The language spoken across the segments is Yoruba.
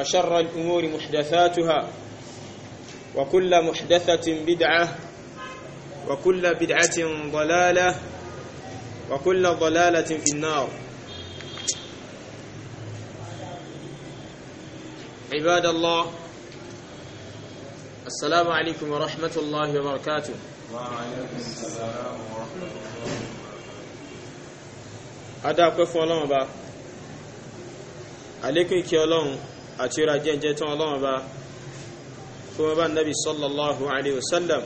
وشر الأمور محدثاتها وكل محدثة بدعة وكل بدعة ضلالة وكل ضلالة في النار عباد الله السلام عليكم ورحمة الله وبركاته وعليكم السلام ورحمة الله أدعوك فولان با عليكم كي àti ó ra jẹ́jẹ́ tán ọlọ́run bá fún ọba nabi sallallahu alayhi wa sallam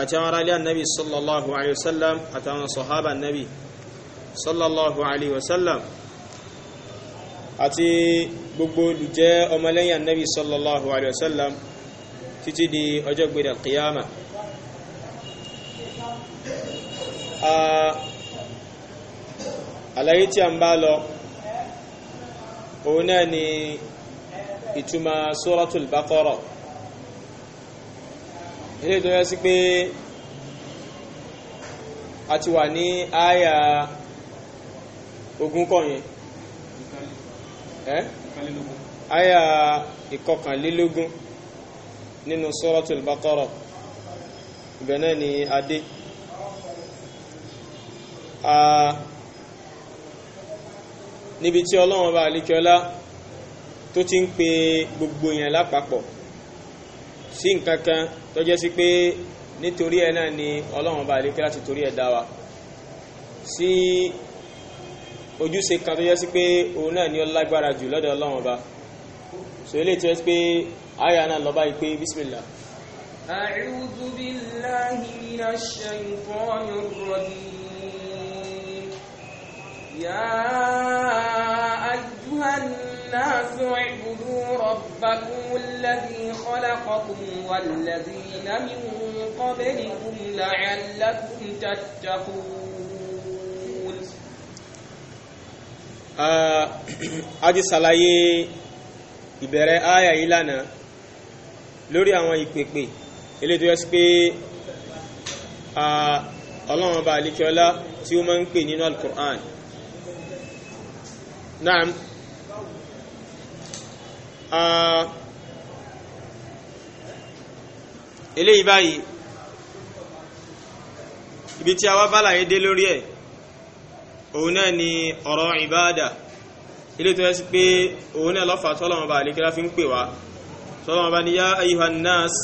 àti àwọn aráàlú nabi sallallahu alayhi wa sallam àtàwọn sọ̀hábà nabi sallallahu alayhi wa sallam àti gbogbo olùjẹ́ ọmọlẹ́yìn nabi sallallahu alayhi wa sallam títí di ọjọ́ gbèrè qiyama àlàyé tí a ń bá lọ òun náà ni ìtumọ̀ suratul baqara ilé tó yẹ sí pé a ti wà ní àyà ogún kọ̀yìn àyà ìkọkànlélógún nínú suratul náà ni adé a. níbi tí ọlọ́run ọba àlekíọlá tó ti ń pe gbogbo èèyàn lápapọ̀ sí nǹkan kan tó jẹ́ sí pé nítorí ẹ̀ náà ni ọlọ́run ọba àlekíọlá ti torí ẹ̀ dá wa sí ojúṣe kan tó jẹ́ sí pé òun náà ni ó lágbára jù lọ́dọ̀ ọlọ́run ọba so eléyìí tó sí pé àyà náà lọ́ba yìí pé bísímìlà. أعوذ بالله من الشيطان الرجيم يا أيها الناس اعبدوا ربكم الذي خلقكم والذين من قبلكم لعلكم تتقون adi ṣàlàyé ìbẹ̀rẹ̀ àyà yìí lánàá lórí àwọn ìpèpè eléyìí tó yẹ sí pé ọlọ́run ọba àlekíọ́lá tí ó máa ń pè nínú alukur'an نعم eléyìí báyìí ibi tí a wá bálàyé dé lórí ẹ̀ òun náà ni ọ̀rọ̀ ìbáadà ilé tó yẹ sí pé òun náà lọ́fà tọ́lọ́wọ́n bá àlékẹ́lá fi ń pè wá tọ́lọ́wọ́n bá ní yá ayyuhan nas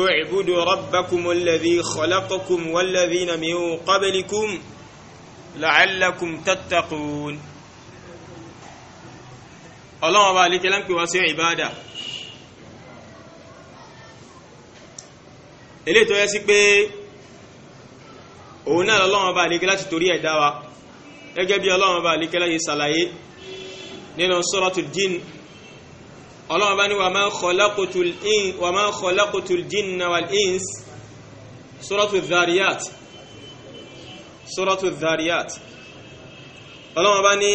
u'budu rabbakumu alladhi khalaqakum walladhina min qablikum la'allakum tattaqun ọlọ́wọ́n bá alíkẹ́ láń pè wá sí ìbáadà ilé tó yẹ sí pé òun náà ọlọ́wọ́n bá alíkẹ́ láti torí ẹ̀dá wa gẹ́gẹ́ bí ọlọ́wọ́n bá alíkẹ́ láyé sàlàyé nínú suratul jinn ọlọ́wọ́n bá ní wa ma khalaqtul in wa ma khalaqtul jinna wal ins suratul dhariyat ọlọ́wọ́n bá ní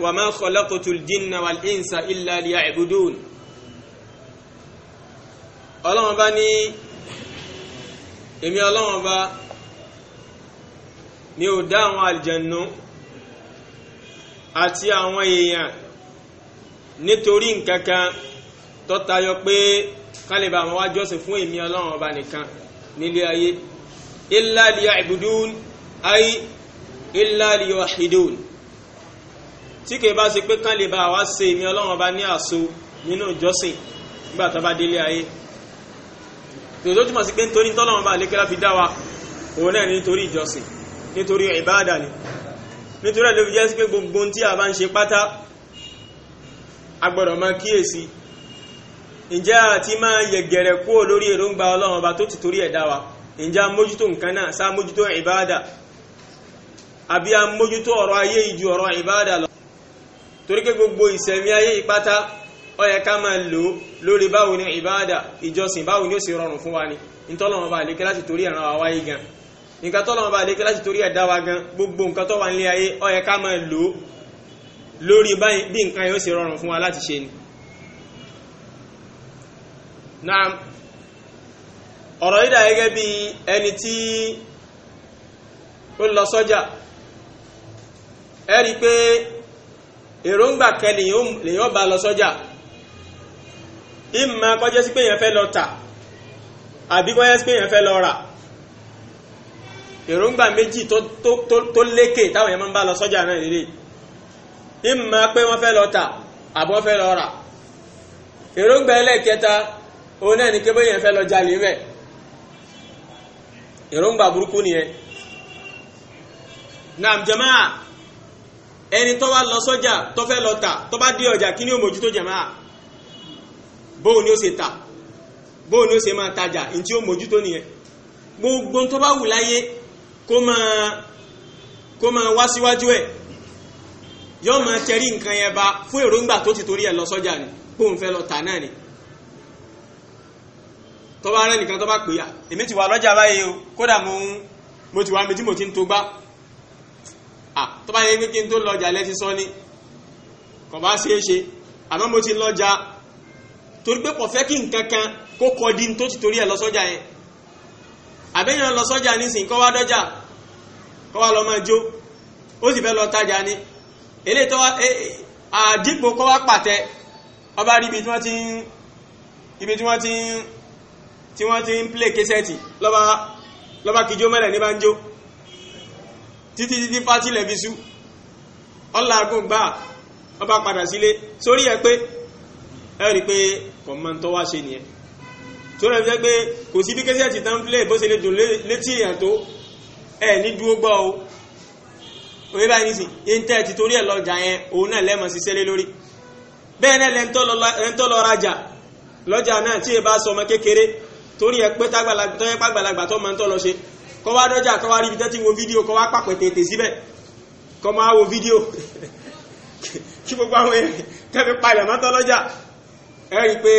wa ma khalaqtul jinna wal insa illa liya'budun ọlọ́wọ́n bá ní èmi ọlọ́wọ́n bá ní ò dá àwọn àlìjànú àti àwọn èèyàn nítorí nǹkankan tó tayọ pé kálíbà àwọn wá jọ́sìn fún èmi ọlọ́wọ́n bá nìkan nílé ayé illa liya'budun ayé illa liyuwahhidun tí kìí bá ṣe pé kán lè bá wa ṣe èmi ọlọ́run bá ní àṣọ nínú ìjọsìn nígbà tó bá délé ayé tòótọ́ túmọ̀ sí pé nítorí tọ́lọ́run bá lékẹ́lá fi dá wa òun náà nítorí ìjọsìn nítorí ìbáàdà ni nítorí ẹ̀lẹ́fi jẹ́ sí pé gbogbo tí a bá ń ṣe pátá a gbọ́dọ̀ máa kíyèsí ǹjẹ́ àti máa yẹ̀gẹ̀rẹ̀ kúrò lórí èròǹgbà ọlọ́run ọba tó ti torí ẹ̀dá wa ǹjẹ́ a mójútó nǹkan náà sá mójútó ìbáàdà àbí a mójútó ọ̀rọ̀ ayé ìjú ọ̀rọ̀ ìbáadà lọ torí pé gbogbo ìsẹ̀mí ayé ìpátá ó yẹ ká máa lò lórí báwo ni ìbáadà ìjọsìn báwo ni ó sì rọrùn fún wa ni nítọ́lọ́wọ́n bá lékẹ́ láti torí ẹ̀ràn àwa yìí gan nǹkan tọ́lọ́wọ́n bá lékẹ́ láti torí ẹ̀dá wa gan gbogbo nǹkan tó wà nílé ayé ó yẹ ká máa lò lórí bí nǹkan yóò sì rọrùn fún wa láti ṣe ni. naam ọ̀rọ̀ yìí dà gẹ́gẹ́ bí ẹni tí ó lọ sọ́jà ẹ rí i pé èròǹgbà kan lèyàn bá lọ sọ́jà ìmọ̀ kọjá sí pé èèyàn fẹ́ lọ tà àbí kọjá sí pé èèyàn fẹ́ lọ rà èròǹgbà méjì tó lékè táwọn èèyàn máa ń bá lọ sọ́jà náà lélẹ̀ ìmọ̀ pé wọ́n fẹ́ lọ tà àbí wọ́n fẹ́ lọ rà èròǹgbà ẹlẹ́ẹ̀kẹta òun náà ni kébé èèyàn fẹ́ lọ jalè mẹ́ èròǹgbà burúkú nìyẹn naam ẹni tó bá lọ sọ́jà tó fẹ́ lọ tà tó bá dé ọjà kí ni ó mójútó jàmáà bóun ni ó ṣe tà bóun ni ó ṣe máa tajà ní tí ó mójútó nìyẹn gbogbo tó bá wù láyé kó máa kó máa wá síwájú ẹ̀ yóò máa tẹrí nǹkan yẹn ba fún èròǹgbà tó ti torí ẹ̀ lọ sọ́jà ni bóun fẹ́ lọ tà náà ni tó bá rẹ́ nìkan tó bá pè é èmi ti wà lọ́jà báyìí o kódà mo ti wà méjì mo ti ń tó gbá tó bá yẹ pé kí n tó lọ́jà lẹ́ti sọ ni kò bá ṣeé ṣe àmọ́ mo ti lọ́jà torí pé kò fẹ́ kí nǹkan kan kó kọ́ di tó ti torí ẹ̀ lọ sọ́jà yẹn àbẹ́yàn lọ sọ́jà nísìnyí kọ́ wá dọ́jà kọ́ wá lọ máa jó ó sì fẹ́ lọ tajà ni eléyìí tó wá e, e, àdìpò kọ́ wá pàtẹ ọba rí ibi tí wọ́n ti ń ibi tí wọ́n ti ń tí wọ́n lọ́ba lọ́ba kìjó ní bá ń jó títí títí fátílẹ̀ fi sú ọlágùn gbà wọ́n bá padà sílé sórí ẹ pé ẹ rí pé kọ̀mọ̀ntọ́ wá ṣe nìyẹn tó rẹ̀ jẹ́ pé kò sí bí kẹ́sẹ̀ ti tán plẹ̀ bó ṣe lè dùn létí èèyàn tó ẹ ní dúró gbọ́ o òye báyìí nísìn íńtẹ́ ti torí ẹ̀ lọ́jà yẹn òun náà lẹ́mọ̀ sí sẹ́lé lórí bẹ́ẹ̀ náà lẹ́ńtọ́ lọ rajà lọ́jà náà tí ì bá sọmọ kékeré torí ẹ pé tágbàlagbà tó máa ń tọ́ lọ ṣe kọ́ wá dọ́jà kọ́ wá ríbi tẹ́tí wo fídíò kọ́ wá pàpẹ́ tètè síbẹ̀ kọ́ máa wo fídíò kí gbogbo àwọn èrè tẹ́fi palẹ̀ mọ́tọ́ lọ́jà ẹ rí i pé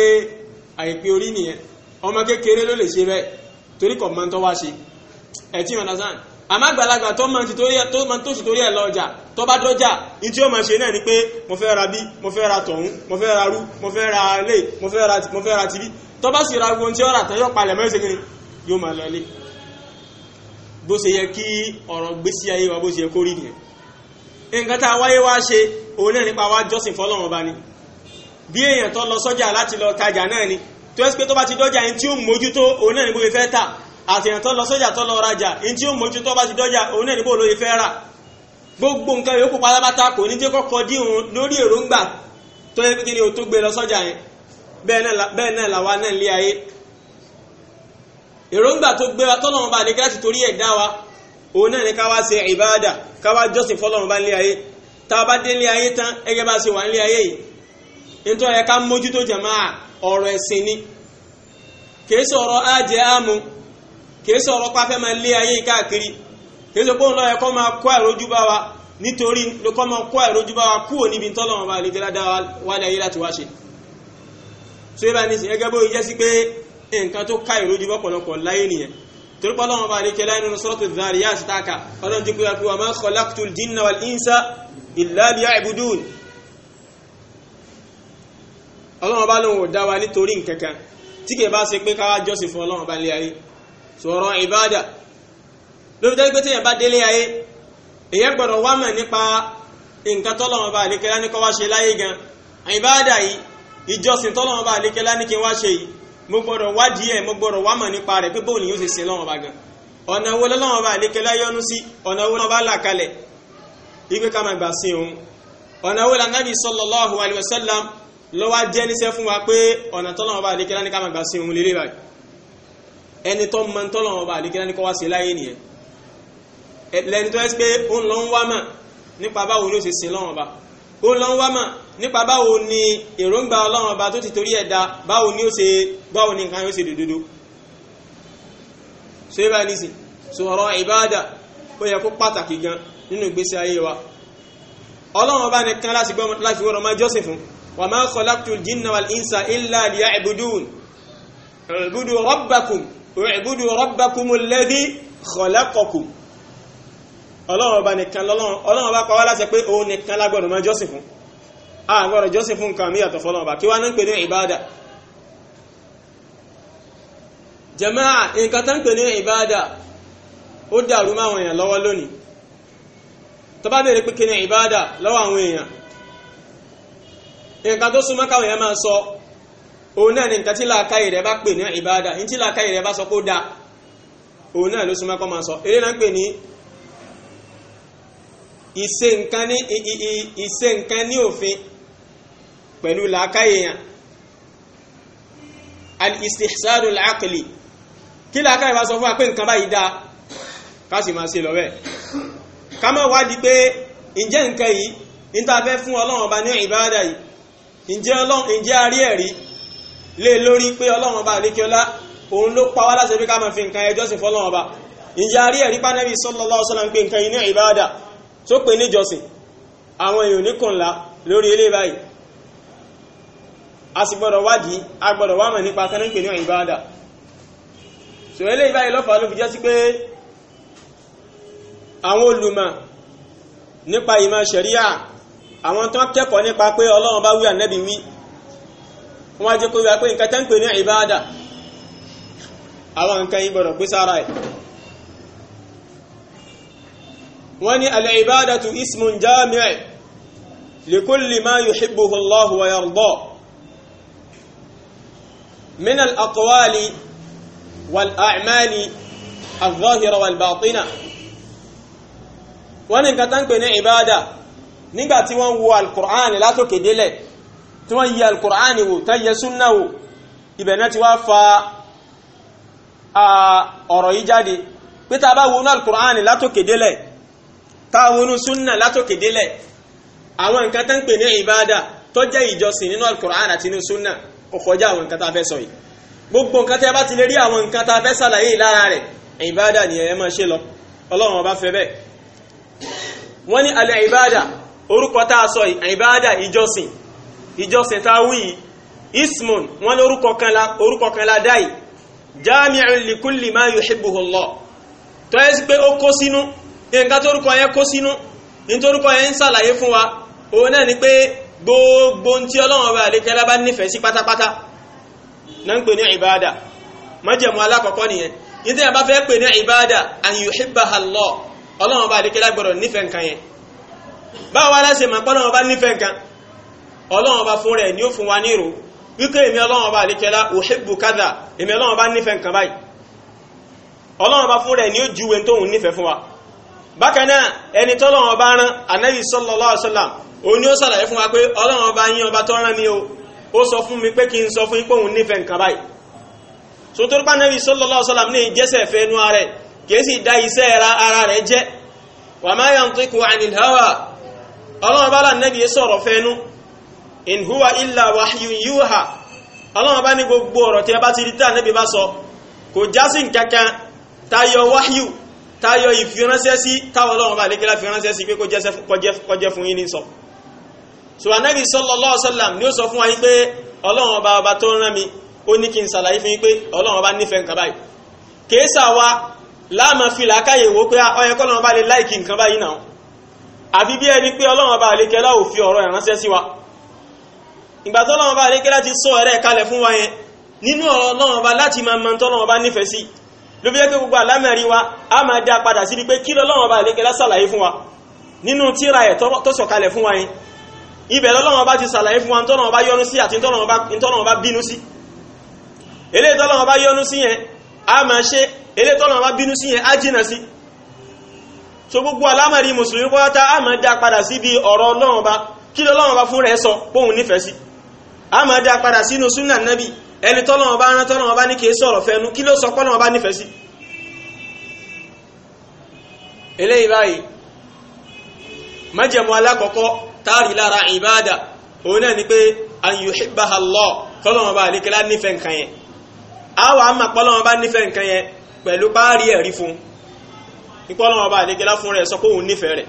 àìpé orí nìyẹn ọmọ kékeré ló lè ṣe bẹ́ẹ̀ torí kọ̀ máa ń tọ́ wá ṣe ẹ̀ tí wọn dáná àmọ́ àgbàlagbà tó máa tó sì torí ẹ̀ lọ ọjà tó bá dọ́jà ní tí ó máa ṣe náà ni pé mo fẹ́ ra bí mo fẹ́ ra tọ̀hún mo fẹ́ ra rú mo fẹ́ ra lé mo fẹ́ ra tibí tó bá sì ra gbogbo ohun tí ó rà tán yóò palẹ̀ mọ́ yóò máa lọ ilé bó ṣe yẹ kí ọ̀rọ̀ gbésí ayé wa bó ṣe yẹ kó rí nìyẹn nǹkan tá a wáyé wá ṣe òun náà nípa wá jọ́sìn fọlọ́run ọba ni bí èèyàn tó lọ sọ́jà láti lọ tajà náà ni tó ẹ́ sì pé tó bá ti dọ́jà ẹni tí ó mójútó òun náà ní bó ṣe fẹ́ tà àtẹ̀yàn tó lọ sọ́jà tó lọ rajà ẹni tí ó mójútó bá ti dọ́jà òun náà ní bó ṣe fẹ́ rà gbogbo nǹkan yòókù pátápátá kò ní jẹ́ kọ́kọ́ dín òun lórí èròǹgbà tó yẹ kí ni o tó gbé lọ sọ́jà yẹn bẹ́ẹ̀ náà làwa náà lé ayé èròǹgbà tó gbé wa tọ́lọ́run bá ní kí láti torí ẹ̀ dá wa òun náà ni ká wá ṣe ìbáàdà ká wá jọ́sìn fọ́lọ́run bá nílé ayé tá a bá dé nílé ayé tán ẹgẹ́ bá ṣe wà nílé ayé yìí nítorí ẹ ká mójútó jàmáà ọ̀rọ̀ ẹ̀sìn ni kìí sọ̀rọ̀ ajẹ́ àmú kìí sọ̀rọ̀ pàfẹ́ máa lé ayé káàkiri kìí sọ lọ́yẹ kọ́ máa kó àìrójú bá wa nítorí ló kọ́ máa kó àìrójú bá wa kúrò níbi tọ́lọ́run bá nílé ayé láti wá ṣe. so ibà ní sìn gẹ́gẹ́ bó yẹ sí pé nǹkan tó ká ìrójú bọ́pọ̀lọpọ̀ láyé nìyẹn torí pé ọlọ́run bá lékẹ́ láyé nínú sọ́rọ́tù Dhariyat táàkà ọlọ́run ti pèrè pé wa ma khalaqtul jinna wal insa illa liya'budun ọlọ́run bá lóun ò dá wa nítorí nǹkankan tí kìí bá ṣe pé káwá jọ́sìn fún ọlọ́run bá lé ayé sọ̀rọ̀ ìbáàdà lórí dájú pé téèyàn bá délé ayé èyàn gbọ́dọ̀ wá mọ̀ nípa nǹkan tọ́lọ́run bá lékẹ́ láníkọ́ wá ṣe láyé gan ìbáàdà yìí ìjọsìn tọ́lọ́run bá lékẹ́ láníkẹ́ wá ṣe yìí mo gbọ́dọ̀ wádìí ẹ̀ mo gbọ́dọ̀ wá mọ̀ nípa rẹ̀ pé bóun ni yóò ṣe sin lọ́wọ́ bá gan ọ̀nà wo lọ́wọ́ bá àlékẹ́ láyọ́nú sí ọ̀nà wo lọ́wọ́ bá là kalẹ̀ ipe ká máa gbà sí òun ọ̀nà wo lànàbì sallallahu alaihi wasallam lọ́wọ́ jẹ́ níṣẹ́ fún wa pé ọ̀nà tọ́lọ́wọ́ bá àlékẹ́ láni ká máa gbà sí òun lélẹ́ báyìí ẹni tó mọ tọ́lọ́wọ́ bá àlékẹ́ láni kọ́ wá sí láyé nìyẹn lẹ́ni tó ẹ́ pé òun lọ́ wá mọ̀ nípa báwo ló ṣe sin lọ́wọ́ bá ó lọ ń wá mà nípa báwo ni èròǹgbà ọlọ́run ọba tó ti torí ẹ̀dá báwo ni ó ṣe báwo ni nǹkan yóò ṣe dòdòdó so yóò bá ní sìn so ọ̀rọ̀ ìbáàdà ó yẹ kó pàtàkì gan nínú ìgbésí ayé wa ọlọ́run ọba nìkan láti gbọ́ láti wọ́n ọmọ jọ́sìn fún wa ma khalaqtul jinna wal insa illa liya'budun u'budu rabbakum u'budu rabbakumul ladhi khalaqakum ọlọ́run ọba nìkan lọ́lọ́run ọlọ́run ọba pàwọ́ láti pé òun nìkan lágbọ́dọ̀ máa jọ́sìn fún àgbọ́dọ̀ jọ́sìn fún nǹkan míyàtọ̀ fọ́lọ́run ọba kí wá ní pè ní ìbáadà jàmáà nǹkan tán pè ní ìbáadà ó dàrú máwọn èèyàn lọ́wọ́ lónìí tó bá bèèrè pé kí ni ìbáadà lọ́wọ́ àwọn èèyàn nǹkan tó súnmọ́ káwọn èèyàn máa sọ òun náà ni nǹkan tí làákàyè rẹ̀ bá pè ní ìbáadà ní tí làákàyè rẹ̀ bá sọ kó dáa òun náà ló súnmọ́ kọ́ máa sọ eré náà ń pè ní ìṣe nǹkan ní ìṣe nǹkan ní òfin pẹ̀lú làákàyè yẹn al-istihsanu al-aqli kí làákàyè bá sọ fún wa pé nǹkan báyìí dáa ká sì máa ṣe lọ bẹ́ẹ̀ ká má wádìí pé ǹjẹ́ nǹkan yìí níta fẹ́ fún ọlọ́run ọba ní ìbáradà yìí ǹjẹ́ ọlọ́run ǹjẹ́ arí ẹ̀rí lé lórí pé ọlọ́run ọba àlékiọlá òun ló pa wá láṣẹ pé ká máa fi nǹkan ẹjọ́ sìn fọlọ́run ọba ǹjẹ́ arí ẹ̀rí pánẹ́bí sallallahu alaihi tó pè níjọsìn àwọn èèyàn oníkùnlá lórí ilé báyìí a sì gbọ́dọ̀ wádìí a gbọ́dọ̀ wá mọ̀ nípa kanáà pè ní ìbádà so ilé báyìí lọ́fàá ló fi jẹ́ sí pé àwọn olùmọ̀ nípa ìmọ̀ ṣẹ̀ríà àwọn tó kẹ́kọ̀ọ́ nípa pé ọlọ́run bá wí ànẹ́bí wí wọ́n á jẹ́ kó pé wọ́n ní al-ibadatu ismun jami' li kulli ma yuhibbuhu Allahu wa yarda min al-aqwali wal a'mali al-zahira wal batina wọ́n ní nǹkan tán pè ní ìbádà nígbà tí wọ́n wo al látòkè délẹ̀ tí wọ́n yí al-Qur'an wò yẹ súnnà wò ibẹ̀ ti wá fa ọ̀rọ̀ yìí jáde pé bá wo ní látòkè délẹ̀ táwọn súnà látòkè délẹ̀ àwọn nǹkan tó ń pè ní ìbáadà tó jẹ́ ìjọsìn nínú alukur'an àti nínú súnà kò kọjá àwọn nǹkan tá a fẹ́ sọ yìí gbogbo nǹkan tẹ́ bá ti lè rí àwọn nǹkan tá a fẹ́ sàlàyé lára rẹ̀ ìbáadà ni ẹ máa ṣe lọ ọlọ́run ọba fẹ́ bẹ́ẹ̀ wọ́n ní alẹ́ ìbáadà orúkọ tá a sọ yìí ìbáadà ìjọsìn ìjọsìn tá a wí yìí ismun wọ́n ní orúkọ kan la orúkọ kan la dáì jami'un likulli ma yuhibbuhu Allah tó yẹ sí pé ó kó sínú nǹkan tórúkọ yẹn kó sínú nítorúkọ yẹn ń ṣàlàyé fún wa òun náà ni pé gbogbo ohun tí ọlọ́run ọba àlékẹ́lá bá nífẹ̀ẹ́ sí pátápátá náà ń pè ní ìbáadà májẹ̀mú alákọ̀ọ́kọ́ nìyẹn nítorí àbá fẹ́ pè ní ìbáadà an Allah ọlọ́run ọba àlékẹ́lá gbọ́dọ̀ nífẹ̀ẹ́ nǹkan yẹn báwo wá láṣẹ mọ̀ pọ́lọ́run ọba nífẹ̀ẹ́ nǹkan ọlọ́run ọba fún rẹ̀ ni ó fún wa ní ìrò wípé èmi ọlọ́run ọba àlékẹ́lá uhibbu kadha èmi ọlọ́run ọba nífẹ̀ẹ́ nǹkan bákanáà ẹni tọ́lọ́run ọba rán anabi sallallahu alaihi wasallam òun ni ó sàlàyé fún wa pé ọlọ́run ọba yín ọba tó rán mi o ó sọ fún mi pé kí n sọ fún yín pé òun nífẹ̀ẹ́ nǹkan báyìí sotori pa anabi sallallahu alaihi ní ìjẹsẹ̀ fẹ́ nu ara rẹ̀ kìí sì da iṣẹ́ ara rẹ̀ jẹ́ wa ma yantiqu anil hawa ọlọ́run ọba lànàbí sọ̀rọ̀ fẹ́nu in huwa illa wahyun yuha táyọ ìfiránṣẹ́ sí táwọn ọlọ́run bá lékelá firánṣẹ́ sí pé kó jẹ́ fún yín ní sọ so anabi sallallahu alaihi wasallam ni ó sọ fún wa yín pé ọlọ́run ọba ọba tó rán mi ó ní kí n ṣàlàyé fún yín pé ọlọ́run ọba nífẹ̀ẹ́ nǹkan báyìí kèésà wa láàmà fi làákàyè wò pé ọyẹ ah, kọ́lọ́run ọba lè láìkì nǹkan báyìí náà àfi bí ẹni pé ọlọ́run ọba lékelá ò fi ọ̀rọ̀ ìránṣẹ́ sí wa ìgbà tọ́lọ́run ọba lékelá ti sọ ẹ̀rẹ́ kalẹ̀ fún wa yẹn nínú ọ̀rọ̀ ọlọ́run ọba láti máa mọ tọ́lọ́run ọba nífẹ̀ẹ́ sí ló fi jẹ́ pé gbogbo àlámẹ̀rí wa a máa dá padà sí pé kí lọ́lọ́wọ́n bá lékelá sàlàyé fún wa nínú tíra ẹ̀ tó sọ̀kalẹ̀ fún wa yẹn ibẹ̀ lọ́lọ́wọ́n bá ti sàlàyé fún wa ntọ́lọ́wọ́n bá yọ́nú sí àti ntọ́lọ́wọ́n bá bínú sí eléyìí tọ́lọ́wọ́n bá yọ́nú sí yẹn a máa ṣe eléyìí tọ́lọ́wọ́n bá bínú sí yẹn á jìnà sí so gbogbo alámọ̀rí mùsùlùmí pátá a máa dá padà síbi ọ̀rọ̀ Ọlọ́run bá kí lọ́lọ́run bá fún rẹ̀ sọ póun nífẹ̀ẹ́ sí a máa dá padà sínú súnà nábì ẹni tọ́lọ́wọ́n bá rán tọ́lọ́wọ́n bá ní kìí sọ̀rọ̀ fẹ́nu kí ló sọ pọ́lọ́wọ́n bá nífẹ̀ẹ́ sí eléyìí báyìí májẹ̀mú alákọ̀ọ́kọ́ táàrí lára ìbáàdà òun náà ni pé an yuhibbaha Allah kọ́lọ́wọ́n bá àlékelá nífẹ̀ẹ́ nǹkan yẹn àwa àmà pọ́lọ́wọ́n bá nífẹ̀ẹ́ nǹkan yẹn pẹ̀lú páàrí ẹ̀rí fún ìpọ́lọ́wọ́n bá àlékelá fún rẹ̀ sọ pé òun nífẹ̀ẹ́ rẹ̀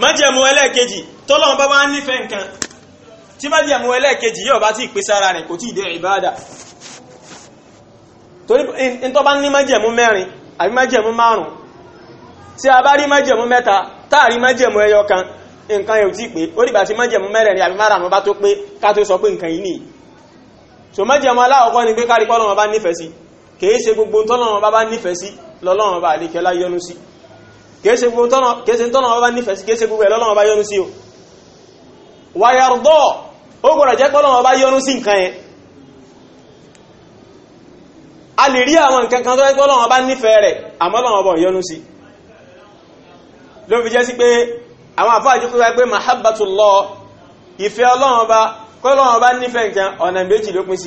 májẹ̀mú ẹlẹ́ẹ̀kejì tọ́lọ́wọ́n bá wá nífẹ̀ẹ́ nǹkan tí má díẹ̀ mú ẹlẹ́ẹ̀kejì yóò bá tí ìpè sára rẹ̀ kò tí ì dé ìbáadà torí n tó bá ní májẹ̀mú mẹ́rin àbí májẹ̀mú márùn tí a bá rí májẹ̀mú mẹ́ta táàrí májẹ̀mú ẹyọ kan nǹkan yóò tí pé ó dìgbà tí májẹ̀mú mẹ́rẹ̀ẹ̀rin àbí márùn bá tó pé ká tó sọ pé nǹkan yìí nìyí so májẹ̀mú ni pé kárí pọ́lọ́wọ́n bá nífẹ̀ẹ́ sí kìí ṣe gbogbo tọ́lọ́wọ́n bá bá nífẹ̀ẹ́ sí lọ́lọ́wọ́n bá àlékẹ́ lá yọ́nú sí kìí ó gbọ́dọ̀ jẹ́ pọ́lọ́run ọba yọ́nú sí nǹkan yẹn a lè rí àwọn nǹkan kan tó jẹ́ pọ́lọ́run ọba nífẹ̀ẹ́ rẹ̀ àmọ́ Ọlọ́run ọba yọ́nú sí ló fi jẹ́ sí pé àwọn àfáà jù pé pé mahabbatullah ìfẹ́ Ọlọ́run ọba kọ́lọ́run ọba nífẹ̀ẹ́ nǹkan ọ̀nà méjì ló pín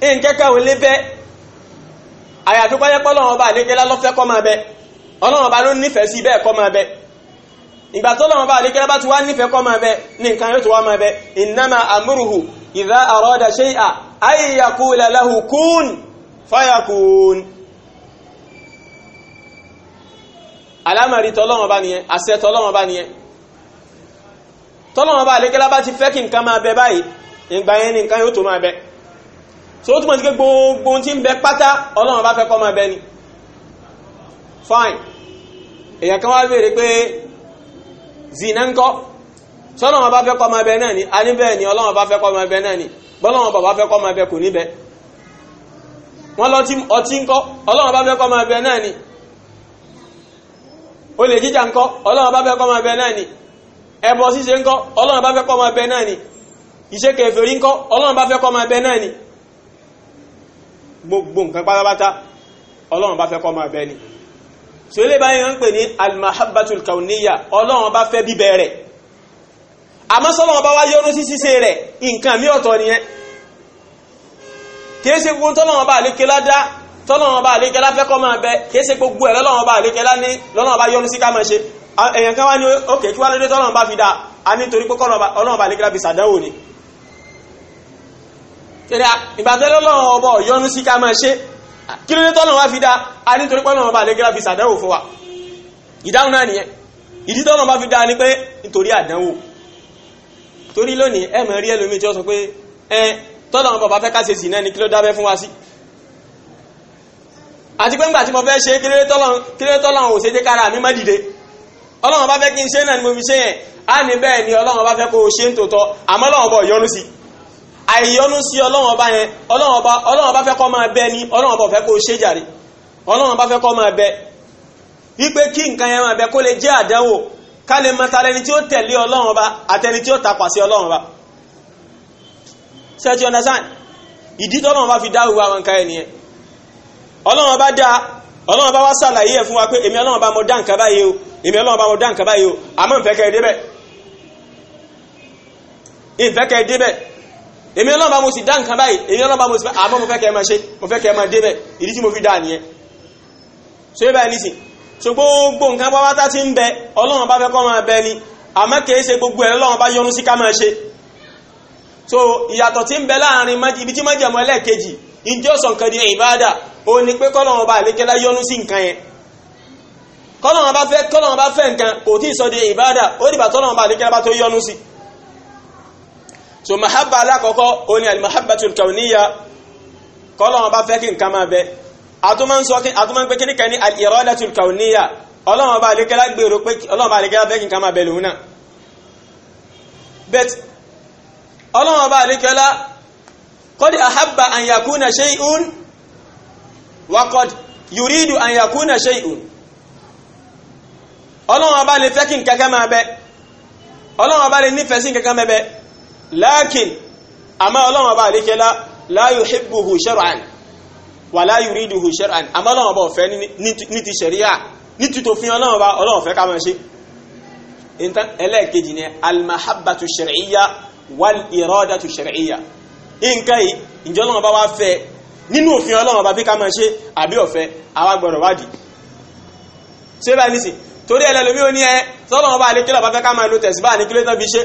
nkẹ́kẹ́ ò lé bẹ́ àyàdúpáyẹ́ pọ́lọ́wọ́n bá àlékẹ́ lálọ́fẹ́ kọ́ máa bẹ ọlọ́wọ́n bá ló nífẹ̀ẹ́ sí bẹ́ẹ̀ kọ́ máa bẹ ìgbà tó lọ́wọ́n bá àlékẹ́ bá ti wá nífẹ̀ẹ́ kọ́ máa bẹ ní nǹkan yóò tó wá máa bẹ innama amruhu idha arada shay'an ay yaqula lahu kun fayakun alámàrí tọ́lọ́wọ́n bá nìyẹn àṣẹ tọ́lọ́wọ́n bá nìyẹn tọ́lọ́wọ́n bá so ó túnmọ̀ sí pé gbogbo tí ń bẹ pátá ọlọ́run bá fẹ́ kọ́ máa bẹ ni fine èyàn kan wá béèrè pé zina ń kọ́ sọ́lọ́run bá fẹ́ kọ́ máa bẹ náà ni a níbẹ̀ ni ọlọ́run bá fẹ́ kọ́ máa bẹ náà ni bọ́lọ́run bàbá fẹ́ kọ́ máa bẹ kò wọ́n lọ tí ẹbọ ń kọ́ ọlọ́run bá fẹ́ kọ́ máa gbogbo nǹkan pátápátá ọlọ́run bá fẹ́ kó máa bẹ ni so ilé báyìí wọ́n ń pè ní almahabbatul kauniya ọlọ́run bá fẹ́ bíbẹ̀ rẹ̀ àmọ́ sọ́lọ́run bá wá yọ́nú sí ṣíṣe rẹ̀ nǹkan mí ọ̀tọ̀ nìyẹn kìí ṣe gbogbo tọ́lọ́run bá àlékè ládá tọ́lọ́run bá àlékè láfẹ́ kó máa bẹ kìí ṣe gbogbo ẹ̀ lọ́lọ́run bá àlékè lá ní lọ́lọ́run bá yọ́nú sí ká máa ṣe èèyàn kan wá ní òkè kí wá lóde tọ́lọ́run bá fi dá a nítorí pé ọlọ́run bá àlékè lá fi ṣàdánwò ni tẹ́lẹ̀ ìbátẹ́lọ́lọ́wọ́ ọba ọ̀yọ́nú sí ká máa ṣe kí ló dé tọ́lọ̀ wá fi dá a ní torí pọ́lọ̀ ọba àlẹ́gẹ́ra fi sàdánwò fún wa ìdáhùn náà nìyẹn ìdí tọ́lọ̀ bá fi dá ni pé nítorí àdánwò torí lónìí ẹ mọ̀ rí ẹlòmíì tí ó sọ pé ẹ tọ́lọ̀ ọba fẹ́ ká ṣe sì náà ni kí ló dábẹ́ fún wa sí àti pé ńgbà tí mo fẹ́ ṣe kí ló dé tọ́lọ̀ ò ṣe dé kára mi má dìde ọlọ́run bá fẹ́ kí n ṣe náà ni mo fi ṣe yẹn á ní bẹ́ẹ̀ ni ọlọ́run bá fẹ́ kó o ṣe ń tòótọ́ àmọ́ ọlọ́run bọ̀ yọnu sí i àìyọnú sí ọlọ́wọ́n bá yẹn ọlọ́wọ́n bá fẹ́ kọ́ máa bẹ ni ọlọ́wọ́n bá fẹ́ kó ṣe jàre ọlọ́wọ́n bá fẹ́ kọ́ bẹ wípé kí nǹkan yẹn máa bẹ kó lè jẹ́ àdánwò ká lè mọ tàlẹ́ni tí ó tẹ̀lé ọlọ́wọ́n bá àtẹni tí ó sí ọlọ́wọ́n bá ṣé ti understand ìdí bá fi dá ìwà nìyẹn ọlọ́wọ́n bá dá ọlọ́wọ́n bá wá sàlàyé ẹ̀ fún wa pé èmi ọlọ́wọ́n bá dá nǹkan báyìí o èmi ọlọ́wọ́n bá mo dá nǹkan báyìí o àmọ́ débẹ̀ èmi ọlọ́run bá mo sì dá nǹkan báyìí èmi ọlọ́run bá mo sì fẹ́ àmọ́ mo fẹ́ kẹ́ ẹ máa ṣe mo fẹ́ kẹ́ ẹ máa débẹ̀ ìdí tí mo fi dá nìyẹn so yẹ báyìí nísìn so gbogbo nǹkan pátá tí ń bẹ ọlọ́run bá fẹ́ kọ́ máa bẹ ni àmọ́ kìí ṣe gbogbo ẹ̀ lọ́run bá yọ́nú sí ká máa ṣe so ìyàtọ̀ tí ń bẹ láàrin ibi tí májẹ̀mọ́ ẹlẹ́ẹ̀kejì ìdí ọ̀sọ̀ nǹkan di ìbáàdà ó ní pé kọ́lọ́run bá àlékẹ́lá yọ́nú sí nǹkan yẹn kọ́lọ́run bá fẹ́ kọ́lọ́run bá fẹ́ nǹkan kò tí ì sọ di ìbáàdà ó dìbà tọ́lọ́run bá àlékẹ́lá bá tó yọ́nú sí i so mahabba alákọ̀ọ́kọ́ ó ní alimahabbatul kauniya kọ́lọ́wọ́n bá fẹ́ kí nǹkan máa bẹ àtúmọ̀ ń pé kíníkà ní aliradatul kauniya ọlọ́wọ́n bá alékẹ́lá gbèrò pé ọlọ́wọ́n bá alékẹ́lá fẹ́ kí nǹkan máa bẹ lòun náà bet ọlọ́wọ́n bá alékẹ́lá qad ahabba an yakuna shay'un wa qad yuridu an yakuna shay'un ọlọ́wọ́n bá lè kí nǹkan máa máa bẹ lakin àmọ́ ọlọ́run ọba àlékẹ́lá la yuhibbuhu shar'an wa la yuriduhu shar'an àmọ́ ọlọ́run ọba ọ̀fẹ́ ní ti ṣẹ̀ríà ní ti tòfin ọlọ́run ọba ọlọ́run ọ̀fẹ́ ká máa ṣe ẹlẹ́ẹ̀kejì ni almahabbatu shar'iyya wal iradatu shar'iyya nǹkan yìí ǹjẹ́ ọlọ́run ọba wá fẹ́ nínú òfin ọlọ́run ọba bí ká máa ṣe àbí ọ̀fẹ́ àwa gbọ́dọ̀ wádìí ṣé báyìí nísìn torí ẹlẹ́lómi ó ní ẹ sọ́lọ́run ọba àlékẹ́lá ọba fẹ́ ká máa lo tẹ̀síbá ní kílótọ́ fi ṣe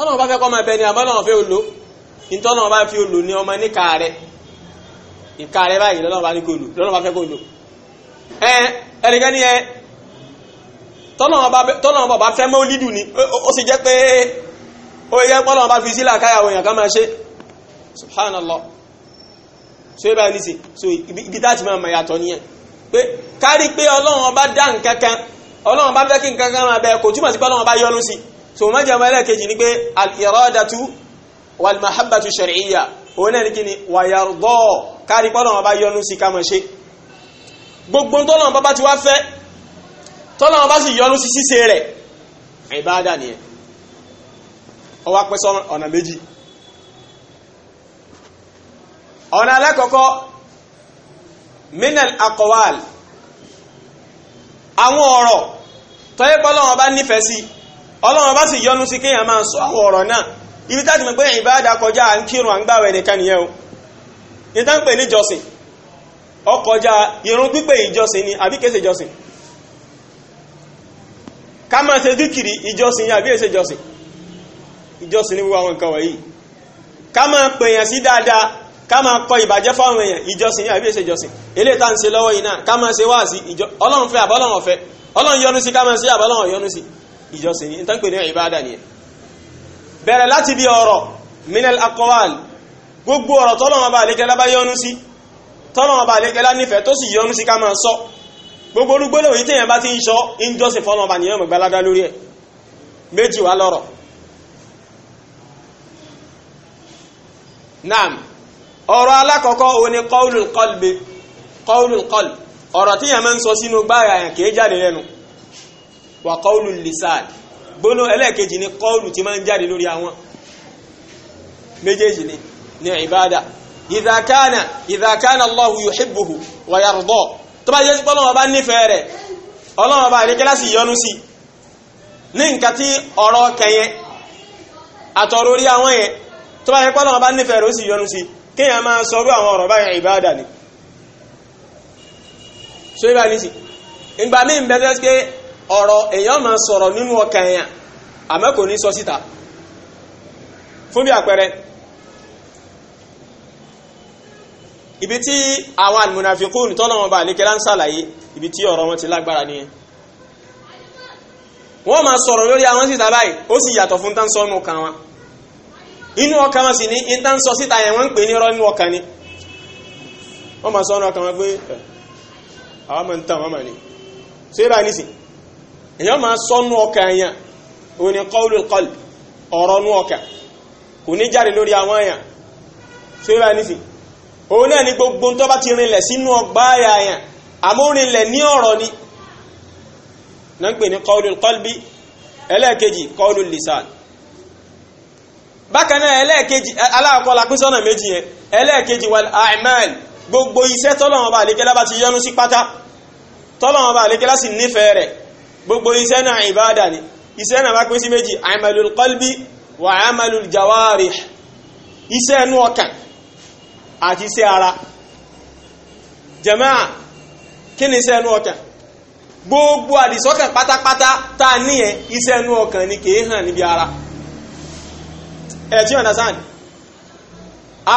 ọlọ́run bá fẹ́ kọ́ ọmọ ẹbẹ ni àmọ́ náà fẹ́ olò nítorí ọlọ́run bá fi olò ní ọmọ níka rẹ ìka rẹ báyìí lọ́lọ́run bá ní kó lò lọ́lọ́run bá fẹ́ kó lò ẹ ẹnìkan ni ẹ tọ́lọ́run bá fẹ́ mọ́ lídùn ni ó sì jẹ́ pé ó yẹ pọ́lọ́run bá fi sílà káyàwó èèyàn ká máa ṣe subhanallah so ibà ní sí so ibi tá a ti máa mọ̀ yàtọ̀ nìyẹn pé kárí pé ọlọ́run bá dá nǹkan kan ọlọ́run bá fẹ́ kí nǹkan kan máa bẹ kò túmọ̀ sí pé ọlọ́run bá yọ́nú sí i so májàmú ẹlẹ́ẹ̀kejì ni pé al-iradatu wal-mahabbatu shar'iyya òun náà ní kí ni wàyàrùdọ́ kárí pọ́nà ọba yọ́nú sí ká mọ̀ ṣe gbogbo tọ́lọ̀ bá bá ti wá fẹ́ tọ́lọ̀ bá sì yọ́nú sí ṣíṣe rẹ̀ ìbáadà nìyẹn ó wá pín sọ́nà ọ̀nà méjì ọ̀nà alákọ̀ọ́kọ́ minal aqwal àwọn ọ̀rọ̀ tọ́yẹ́ pọ́lọ̀ ọba nífẹ̀ẹ́ sí ọlọ́run bá sì yọ́nú sí kéèyàn máa sọ àwọn ọ̀rọ̀ náà ibi tá ti mọ̀ pé ìbáàdà kọjá à ń kírun à nìkan nìyẹn o ní tá ń pè ní jọsìn ó irun pípé ìjọsìn ni àbí kése jọsìn ká máa ṣe díkìrì ìjọsìn ni àbí èsè jọsìn ìjọsìn ni gbogbo àwọn nǹkan wọ̀nyí ká máa pèèyàn sí dáadáa ká máa kọ ìbàjẹ́ fáwọn èèyàn ìjọsìn ni àbí èsè jọsìn eléyìí tá ń ṣe lọ́wọ́ yìí náà ká máa ṣe wáàsí ọlọ́run fẹ́ àbọ́lọ́run ọ̀fẹ́ ọlọ́run yọ́nú sí ká máa ṣe àbọ́lọ́run yọ́nú sí ìjọsìn ní tán pè ní ìbádà ni bẹ̀rẹ̀ láti bí ọ̀rọ̀ minel akọwàl gbogbo ọ̀rọ̀ tọ́lọ́wọ́n bá lékẹ́lá bá yọ́nú sí tọ́lọ́wọ́n bá lékẹ́lá nífẹ̀ẹ́ tó sì yọ́nú sí ká máa sọ gbogbo olúgbólò yìí tèèyàn bá ti ń sọ ìjọsìn fọ́lọ́wọ́n bá nìyẹn mọ̀gbáládá lórí naam ọ̀rọ̀ alákọ̀ọ́kọ́ òun ni qawlul ọ̀rọ̀ tí yẹn ń sọ sínú gbáyà kìí jáde lẹ́nu wà kọ́ọ̀lù lisan gbóná ẹlẹ́ẹ̀kejì ni kọ́ọ̀lù ti máa ń jáde lórí àwọn méjèèjì ni ní ìbádà ìdàkánà ìdàkánà Allahu yuhibbuhu wa yarda tó bá jẹ́ sí pọ́lọ́wọ́ bá nífẹ̀ẹ́ rẹ̀ ọlọ́wọ́ bá ìrékẹ́lá sì yọ́nú tó bá jẹ́ ìbádà ni so ibà ní ìgbà míì bẹ́ẹ̀ ọ̀rọ̀ èyàn ma sọ̀rọ̀ nínú ọkàn èèyàn àmọ́ ní sọ síta fún bí àpẹẹrẹ ibi tí àwọn tọ́nà wọn bá lékẹ́lá ń sàlàyé ibi tí ọ̀rọ̀ wọn ti lágbára ẹn wọ́n ma sọ̀rọ̀ lórí àwọn síta báyìí ó sì yàtọ̀ fún tán wọn inú wọn sì ní sọ síta yẹn wọ́n ń pè ní wọ́n wọn pé àwọn ń wọ́n ma ní èèyàn máa sọnù ọkàn èèyàn òun ni qawlul qalb ọ̀rọ̀ nú ọkàn kò ní jáde lórí àwọn èèyàn tó yẹ báyìí nísìn òun náà ni gbogbo tó bá ti rinlẹ̀ sínú ọgbà àyà èèyàn àmúrinlẹ̀ ní ọ̀rọ̀ ni náà ń pè ní qawlul qalbi ẹlẹ́ẹ̀kejì qawlul lisan bákan náà ẹlẹ́ẹ̀kejì aláàkọ́lá pín sọ́nà méjì yẹn ẹlẹ́ẹ̀kejì wal a'mal gbogbo iṣẹ́ tọ́lọ́wọ́n bá àlékẹ́lá bá ti yọ́nú sí pátá tọ́lọ́wọ́n bá àlékẹ́lá sì nífẹ̀ẹ́ rẹ̀ gbogbo iṣẹ́ náà ìbáadà ni iṣẹ́ náà bá pín sí méjì amalul qalbi wa amalul jawarih iṣẹ́ ẹnu ọkàn àti iṣẹ́ ara jàmáà kí ni iṣẹ́ ẹnu ọkàn gbogbo àdìsọ́kàn pátápátá tá a níyẹn iṣẹ́ ẹnu ọkàn ni kì í hàn níbi ara ẹ̀ tí ọ̀nà sáà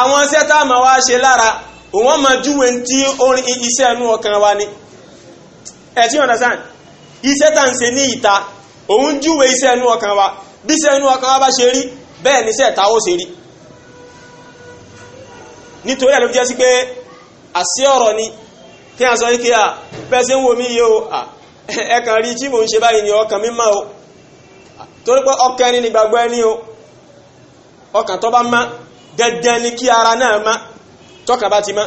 àwọn iṣẹ́ tá a máa wá ṣe lára òun máa júwe tí iṣẹ́ ẹnu ọkàn wa ni ẹ̀ ọ̀nà sáà iṣẹ́ tá ń ṣe ní ìta òun júwe iṣẹ́ inú ọkàn wa bí iṣẹ́ inú ọkàn wa bá ṣe rí bẹ́ẹ̀ ni iṣẹ́ ìta ó ṣe rí nítorí ẹ̀ ló jẹ́ sí pé àṣẹ ọ̀rọ̀ ni kí a sọ yí kí a bẹ́ẹ̀ ṣe ń wo mí yé o ẹ̀kan rí tí mò ń ṣe báyìí ni ọkàn mi máa o torí pé ọkàn ẹni ni gbàgbọ́ ẹni o ọkàn tó bá má dandan ni kí ara náà má tọ́kàn bá ti má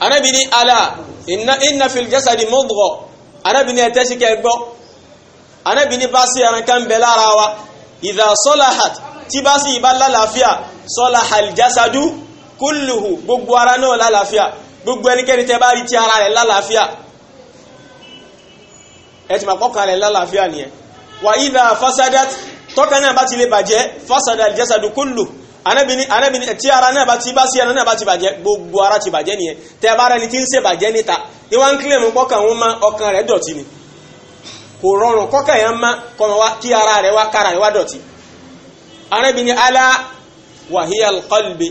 anábì ní ala inna fil jasadi mudgha arábìnrin ẹ̀tẹ́ sí kẹgbọ́ arábìnrin bá sí ẹran kan bẹ lára wa ìdá sọ́láhàt tí bá sí ìbá lálàáfíà sọ́láhàl jásádú kúlùhù gbogbo ara náà lálàáfíà gbogbo ẹnikẹ́ni tẹ́ bá rí tí ara rẹ̀ lálàáfíà ẹ ti màpọ̀ lálàáfíà nìyẹn wà ìdá fásádát tọ́ka bá ti lè bàjẹ́ fásádàl jásádú kúlùhù anabini anabini ti ara na ba ti ba si ẹran náà ba ti bàjẹ́ gbogbo ara ti bàjẹ́ nìyẹn tẹ́ bá rẹni tí ń ṣe bàjẹ́ níta ní wọ́n ń kílèmù kọ́kàn won ma okan re doti ni kò rọrùn ki ara anabini ala wahiyal qalbi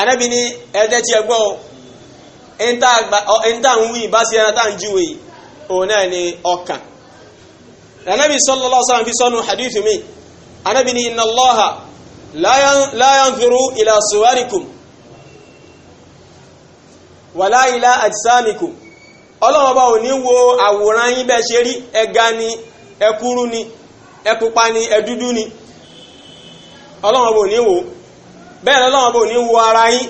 anabini ti tí ẹ gbọ́ ẹ̀ńtà ń wí bá sí ẹran tá à ni anabi sallallahu alaihi wasallam fi mi anabini لا yanzuru ila suwarikum wàlá ila ajsamikum ọlọ́wọ́ bá ò ní wo àwòrán yín bẹ́ẹ̀ ṣe rí ẹga ni ẹkúrú ni ẹpupa ni ẹdúdú ni ọlọ́wọ́ bá ò ní wo bẹ́ẹ̀ lọ́wọ́ bá ò ní wo ara yín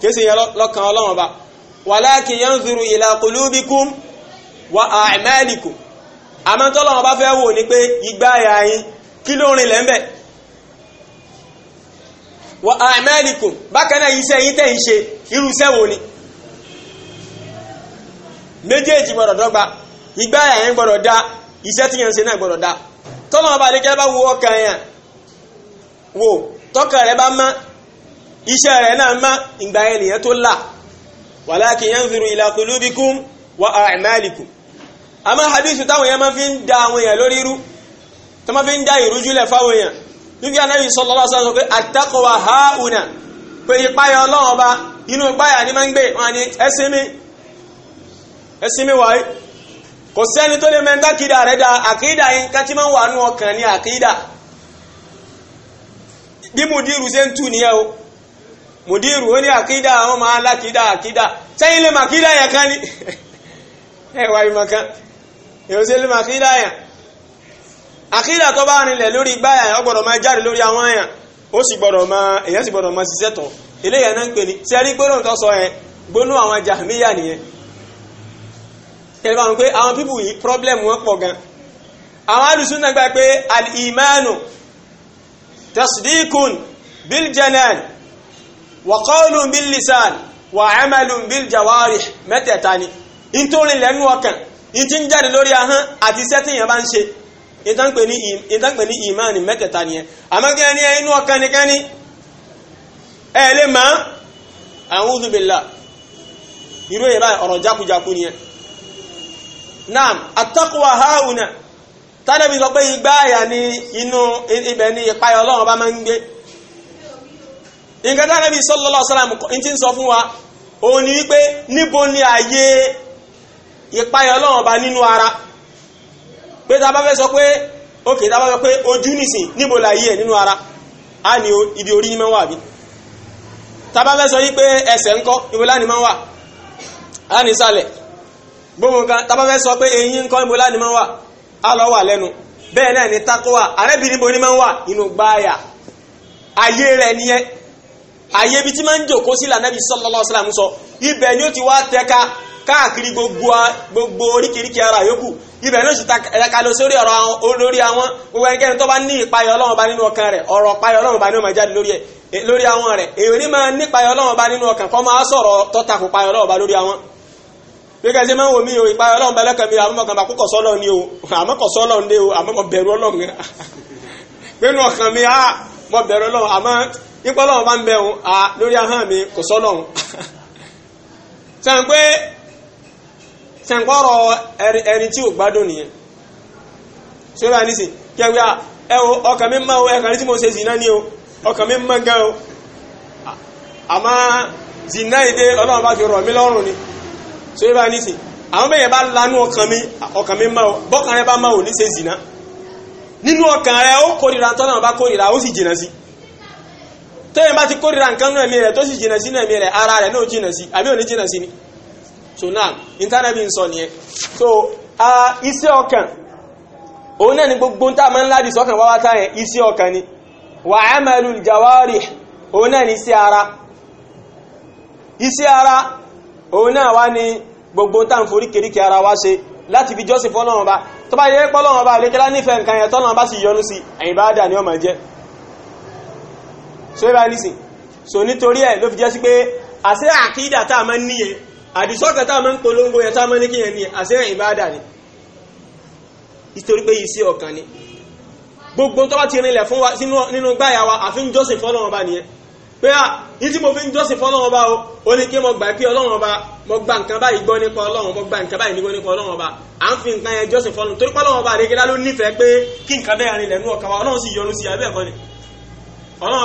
kéèsì yẹn lọ́kàn ọlọ́wọ́ bá walakin yanzuru ila qulubikum wa a'malikum àmọ́ tọ́lọ́wọ́ bá fẹ́ wò ní pé igbá ẹ̀yà yín kí ló rìn lẹ́ńbẹ̀ẹ́ wa a'malikum bákan náà iṣẹ́ yín tẹ́ ń ṣe irú iṣẹ́ wo ni méjèèjì gbọ́dọ̀ dọ́gba ìgbà yẹn gbọ́dọ̀ dá iṣẹ́ tí yẹn ń ṣe náà gbọ́dọ̀ dá tọ́lọ́ ọba àdékẹ́ bá wo ọkàn yẹn wo tọ́kàn rẹ bá mọ́ iṣẹ́ rẹ náà mọ́ ìgbà yẹn nìyẹn tó là walakin yanzuru ila qulubikum wa a'malikum àmọ́ hadithu táwọn yẹn máa fi ń da àwọn èèyàn lórí irú tó fi ń da ìrújúlẹ̀ fáwọn èèyàn níbi anábì sallallahu alaihi wasallam pé ha haúnà pé ìpáyà ọlọ́run ọba inú ìpáyà ní máa wọn ni ẹsìnmi ẹsìnmi wáyé kò sẹ́ni tó lè mẹ́ta kìdá rẹ̀ da àkìdá yín ká tí máa ń wà nù ọkàn ní àkìdá bí mùdírù ṣe ń tù nìyẹn o mùdírù ó ní àkìdá àwọn máa lákìdá àkìdá sẹ́yìn lè màkìdá yẹn kan ní ẹ̀wà ìmọ̀kan èèyàn ṣe lè màkìdá yẹn àkídà tó bá rinlẹ̀ lórí gbáyà ó gbọ́dọ̀ máa jáde lórí àwọn èèyàn ó sì gbọ́dọ̀ máa èèyàn sì gbọ́dọ̀ máa ṣiṣẹ́ tọ̀ eléyà náà ń pè ní sẹ́rí gbólóhùn tó sọ yẹn gbólóhùn àwọn jahmiya nìyẹn kẹlẹ́ bá wọn pé àwọn pípù yìí problem wọn pọ̀ gan àwọn alùsùn náà gbà pé al-imanu tasdikun bil janan wa qawlun bil lisan wa amalun bil jawarih mẹ́tẹ̀ẹ̀ta ni nítorí lẹ́nu ọkàn ní lórí ahọ́n àti iṣẹ́ bá ń ṣe ìtànpẹ̀ ní ìmáàni mẹ́tẹ̀ta ni ẹ àmọ́gẹ́ ní inú ọkàn nìkan ní ẹ lè máa a'udhu billah irú ẹ̀rá ọ̀rọ̀ jákujáku ni ẹ naam at-taqwa hauna tánàbí sọ pé igbá àyà ní inú ibẹ̀ ní ìpayọ̀ ọlọ́run bá máa ń gbé nǹkan tánàbí sallallahu wa òun ni ni ààyè ìpayọ̀ ọlọ́run bá nínú ara pé tá a bá fẹ́ sọ pé ókè tá a bá fẹ́ pé ojú nìsín níbo la yí ẹ̀ nínú ara á ní ibi orí ni máa wà bí tá a bá fẹ́ sọ yí pé ẹsẹ̀ ńkọ́ ibo láni máa wà á ní sàlẹ̀ gbogbo nǹkan tá a bá fẹ́ sọ pé eyín ńkọ́ ibo láni máa wà á lọ wà lẹ́nu bẹ́ẹ̀ náà ni takowa arẹ́bìnrin bo ni máa wà nínú gbáàyà ayé rẹ̀ nìyẹn ayé ibi tí máa ń jòkó sí lànàbí sallallahu sọ ibẹ̀ ibẹ̀ náà ta ẹ̀ka lọ sórí ọ̀rọ̀ lórí àwọn gbogbo ẹnikẹ́ni tó bá ní ìpayọ̀ ọlọ́run bá nínú ọkàn rẹ̀ ọ̀rọ̀ ìpayọ̀ ọlọ́run bá nínú ọmọ jáde lórí ẹ̀ eh, lórí àwọn rẹ̀ èyí ní máa nípayọ̀ ọlọ́run bá nínú ọkàn kọ́ máa sọ̀rọ̀ tọ́ta kò payọ̀ ọlọ́run bá lórí àwọn gbẹ́gẹ́ sí máa wò mí o ìpayọ̀ ọlọ́run bá mi àmọ́ kan ni o o sẹ̀ǹpọ̀rọ̀ ẹni tí ò gbádùn nìyẹn bá à o mi máa tí mo ṣe zìnà ni o ọkàn mi máa gan o àmọ́ zìnà ma ọlọ́run bá fi rọ̀ mí lọ́rùn ni bá àwọn bá lanú mi mi máa o bọ́kàn rẹ bá máa o ní ṣe zìnà nínú ọkàn rẹ ó kórìíra tọ́lọ́run bá kórìíra ó sì jìnà sí tẹ́yìn bá ti nǹkan tó sì jìnà sí ara náà jìnà sí àbí so náà intanẹ́bì ń sọ nìyẹn so iṣẹ́ ọkàn òun náà ni gbogbo tá a máa ń ládì sọ́kàn wá wátá yẹn iṣẹ́ ọkàn ni wà amalul jawarih òun náà ni iṣẹ́ ara iṣẹ́ ara òun náà wá ní gbogbo tá ń forí kèríkè ara wá ṣe láti fi jọ́sìn fọ́lọ́run bá tó bá yẹ pọ́lọ́run bá lè kílá nífẹ̀ẹ́ nǹkan yẹn tọ́lọ́run bá sì yọ́nú sí ìbádà ni ó máa jẹ́ so ibà nísìn so nítorí ẹ̀ ló fi jẹ́ sí pé àṣẹ àkídà tá a máa ń níyẹn àdìsọ́kàn tá a máa ń polongo yẹn tá a máa ní kí yẹn ní àṣẹ ìbáadà ni nítorí pé iṣẹ́ ọkàn ni gbogbo tó ti rinlẹ̀ fún wa nínú gbáyà wa àfi ń jọ́sìn fọ́lọ́run ọba nìyẹn pé à ah, ní tí mo fi ń jọ́sìn fọ́lọ́run ọba o ó ní kí mo gbà pé ọlọ́run ọba mo gba nǹkan báyìí gbọ́ nípa ọlọ́run mo gba nǹkan báyìí gbọ́ nípa ọlọ́run ọba à ń fi nǹkan yẹn jọ́sìn fọ́lọ́run torí pọ́lọ́run ọba àdékẹ́lá ló nífẹ̀ẹ́ pé kí nǹkan bẹ́ẹ̀ rinlẹ̀ nú ọkàn wa ọlọ́run sì yọ́nú sí abẹ́ ẹ̀kọ́ ni ọlọ́run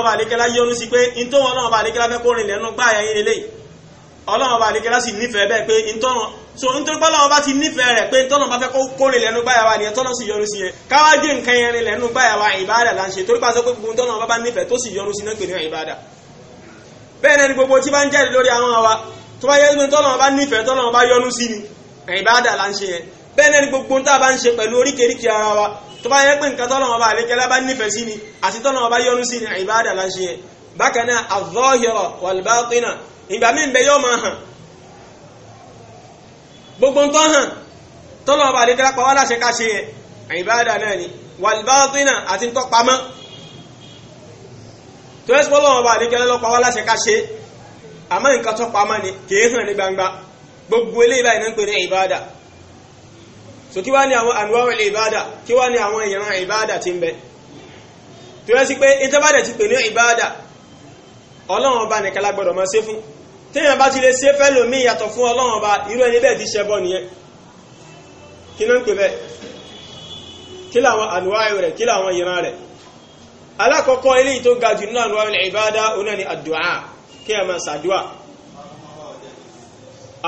ọba ọlọ́run ọba àlejò láti nífẹ̀ẹ́ bẹ́ẹ̀ pé ntọ́nà so nítorí pé ọlọ́run ọba ti nífẹ̀ẹ́ rẹ̀ pé ntọ́nà bá fẹ́ kó kórè lẹ́nu báyà wa nìyẹn tọ́nà sì yọnu sí yẹn káwá gé nǹkan yẹn rin lẹ́nu báyà wa ìbáàdà là ń ṣe torí pàṣẹ pé gbogbo ntọ́nà ọba bá nífẹ̀ẹ́ tó sì yọnu sí náà pè ní ìbáàdà bẹ́ẹ̀ náà ni gbogbo tí bá ń jáde lórí àwọn wa tó bá yẹ pé ntọ́nà ọba nífẹ̀ẹ́ tọ́nà ọba yọnu sí ni ìbáàdà là ń ṣe yẹn bẹ́ẹ̀ náà sí ni ìbáàdà là ń ṣe yẹn bákan náà az-zahira wal-batina ìgbà míì bẹ yóò máa hàn gbogbo ń tọ́ hàn tọ́lọ̀ ọba àdékẹ́lá pa wá láṣẹ ká ṣe yẹn ìbáàdà náà ni wal-batina àti ń tọ́ pamọ́ tó yẹ sọ́lọ́ ọba àdékẹ́lá lọ́ pa wá láṣẹ ká ṣe àmọ́ nǹkan tó pamọ́ ni kìí hàn ní gbangba gbogbo eléyìí báyìí náà ń pè ní ìbáàdà so kí wá ní àwọn ànúwáwẹ̀lẹ̀ ìbáàdà kí wá ní àwọn ìran ìbáàdà ti ń bẹ tó yẹ sí pé ìjọba dẹ̀ ti pè ní ìbáàdà ọlọ́run ọba nìkan lágbọ́dọ̀ máa ṣe fún téèyàn bá ti lè ṣe fẹ́ lómi ìyàtọ̀ fún ọlọ́run ọba irú ẹni bẹ́ẹ̀ ti ṣẹbọ nìyẹn kí ló ń pè bẹ́ẹ̀ kí làwọn ànúwá rẹ̀ kí làwọn ìran rẹ̀ alákọ̀ọ́kọ́ eléyìí tó ga jù nínú ànúwá rẹ̀ ìbádá oná ni àdúà kí ẹ máa ṣàdúà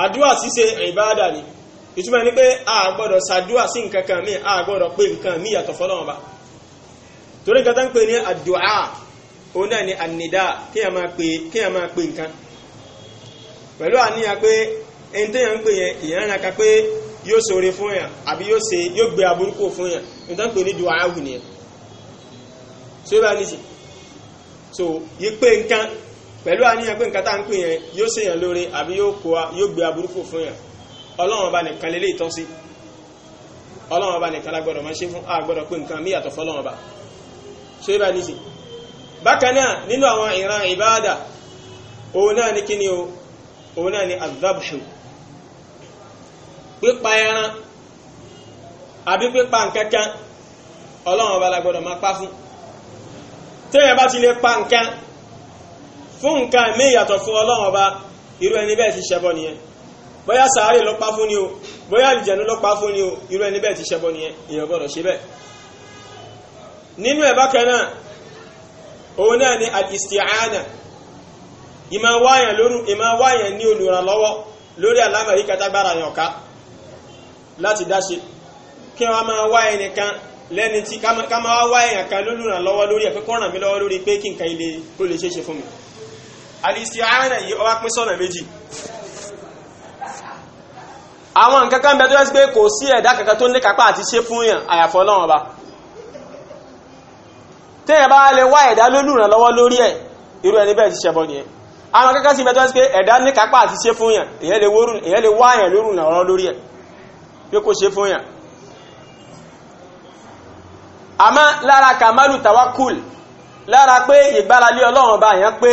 àdúà ṣíṣe ìbádà ni ìtumọ̀ ni pé a gbọ́dọ̀ ṣàdúà sí nǹkan kan míì a gbọ́dọ̀ pé nǹkan mi yàtọ̀ fọlọ́run ọba torí nǹkan tó ń pè ní àdúà òun náà ni ànìdá kí a máa pè kí a máa pè nǹkan pẹ̀lú àníyàn pé ẹni tó yàn ń pè yẹn èèyàn ránka pé yóò ṣoore fún yàn àbí yóò ṣe yóò gbé aburúkú fún yàn nítorí pé ní duwa áwù nìyẹn so yóò bá ní sí so yí pé nǹkan pẹ̀lú àníyàn pé nǹkan tá à ń pè yẹn yóò ṣe yàn lóore àbí yóò gbé aburúkú fún yàn ọlọ́run ọba nìkan lélẹ́yìí tọ́ sí ọlọ́run ọba nìkan lágbọ́dọ̀ máa ṣe fún àgbọ́dọ̀ pé nǹkan míyàtọ̀ fọlọ́run ọba so bá ní bákanáà nínú àwọn ìran ìbáadà òun náà ní kíni o òun náà ní azabhu pípa ẹran àbí pípa nkankan ọlọ́run ọba la gbọ́dọ̀ máa pa fún téèyàn bá ti lè pa nkan fún nkan mí ìyàtọ̀ fún ọlọ́run ọba irú ẹni bẹ́ẹ̀ ti ṣẹbọ nìyẹn bóyá sàárè ló pa fún ni o bóyá àlìjẹ̀nu ló pa fún ni o irú ẹni bẹ́ẹ̀ ti ṣẹbọ nìyẹn èèyàn ṣe bẹ́ẹ̀ nínú ẹ̀ bákan òun náà ni al-isti'ana ìmá wáyàn lóru ìmá wáyàn ní olùrànlọ́wọ́ lórí alámọ̀rí katagbára yàn ká láti dáṣe kí wọ́n máa wá ẹnìkan lẹ́ni tí ká máa wá èèyàn kan lólùrànlọ́wọ́ lórí ẹ̀pẹ́ kó ràn mí lọ́wọ́ lórí pé kí nǹkan ilé tó lè ṣeéṣe fún mi al yìí ó pín sọ́nà méjì àwọn nǹkan kan bẹ tó yẹ sí sí ẹ̀dá kankan tó ní kápá àti ṣe fún yàn àyàfọ́ Ọlọ́run ọba téèyàn bá lè wá ẹ̀dá lólùrànlọ́wọ́ lórí ẹ̀ irú ẹni bẹ́ẹ̀ ti ṣẹbọ nìyẹn àwọn akẹ́kọ̀ọ́ sí mẹ́tọ́ sí pé ẹ̀dá ní kápá àti ṣe fún yàn èyẹ́ lè wá yàn lórùnlọ́wọ́ lórí ẹ̀ pé kò ṣe fún yàn lára kàmálù lára pé ìgbáralé ọlọ́run bá yàn pé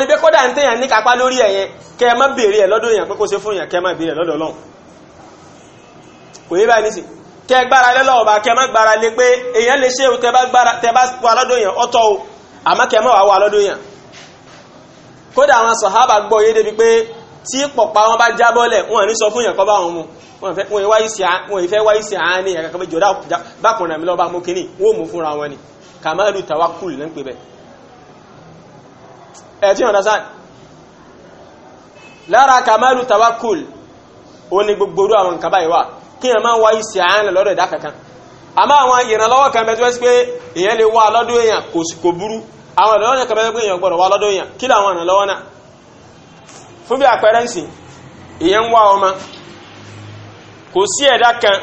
ní pé kódà téèyàn ní kápá lórí ẹ̀ lọ́dọ̀ yàn pé kò ṣe kẹ gbára lé lọ́wọ́ bá kẹ má gbára lé pé èèyàn lè ṣe tẹ bá gbára tẹ bá wà lọ́dọ̀ yẹn ọ̀tọ̀ o àmọ́ kẹ má wà wà lọ́dọ̀ yẹn kódà àwọn sàhábà gbọ́ yé débi pé tí pọ̀pá wọn bá jábọ́lẹ̀ wọn ní sọ fún yẹn kọ́ bá wọn mu wọn ìfẹ́ wáyé sí àánì ẹ̀ka kan méjì bákùnrin àmì lọ́ba mú kínní wọn ò mú fúnra wọn ni kàmáàlú tàwákùlù ló ń pè bẹ́ẹ̀ ẹ̀ tí wọn dá lára kàmáàlú tàwákùlù ó ní gbogbo orú àwọn nǹkan báyìí wà kí ẹ máa ń wá isti'ana lọ́dọ̀ ẹ̀dá kankan àmọ́ àwọn ìrànlọ́wọ́ kan bẹ tó ẹ́ sí pé lè wá lọ́dọ̀ èèyàn kò burú àwọn ìrànlọ́wọ́ kan bẹ pé èèyàn gbọ́dọ̀ wá lọ́dọ̀ èèyàn kí làwọn ìrànlọ́wọ́ náà fún bí àpẹẹrẹ ń sìn èèyàn ń wá ọmọ kò sí ẹ̀dá kan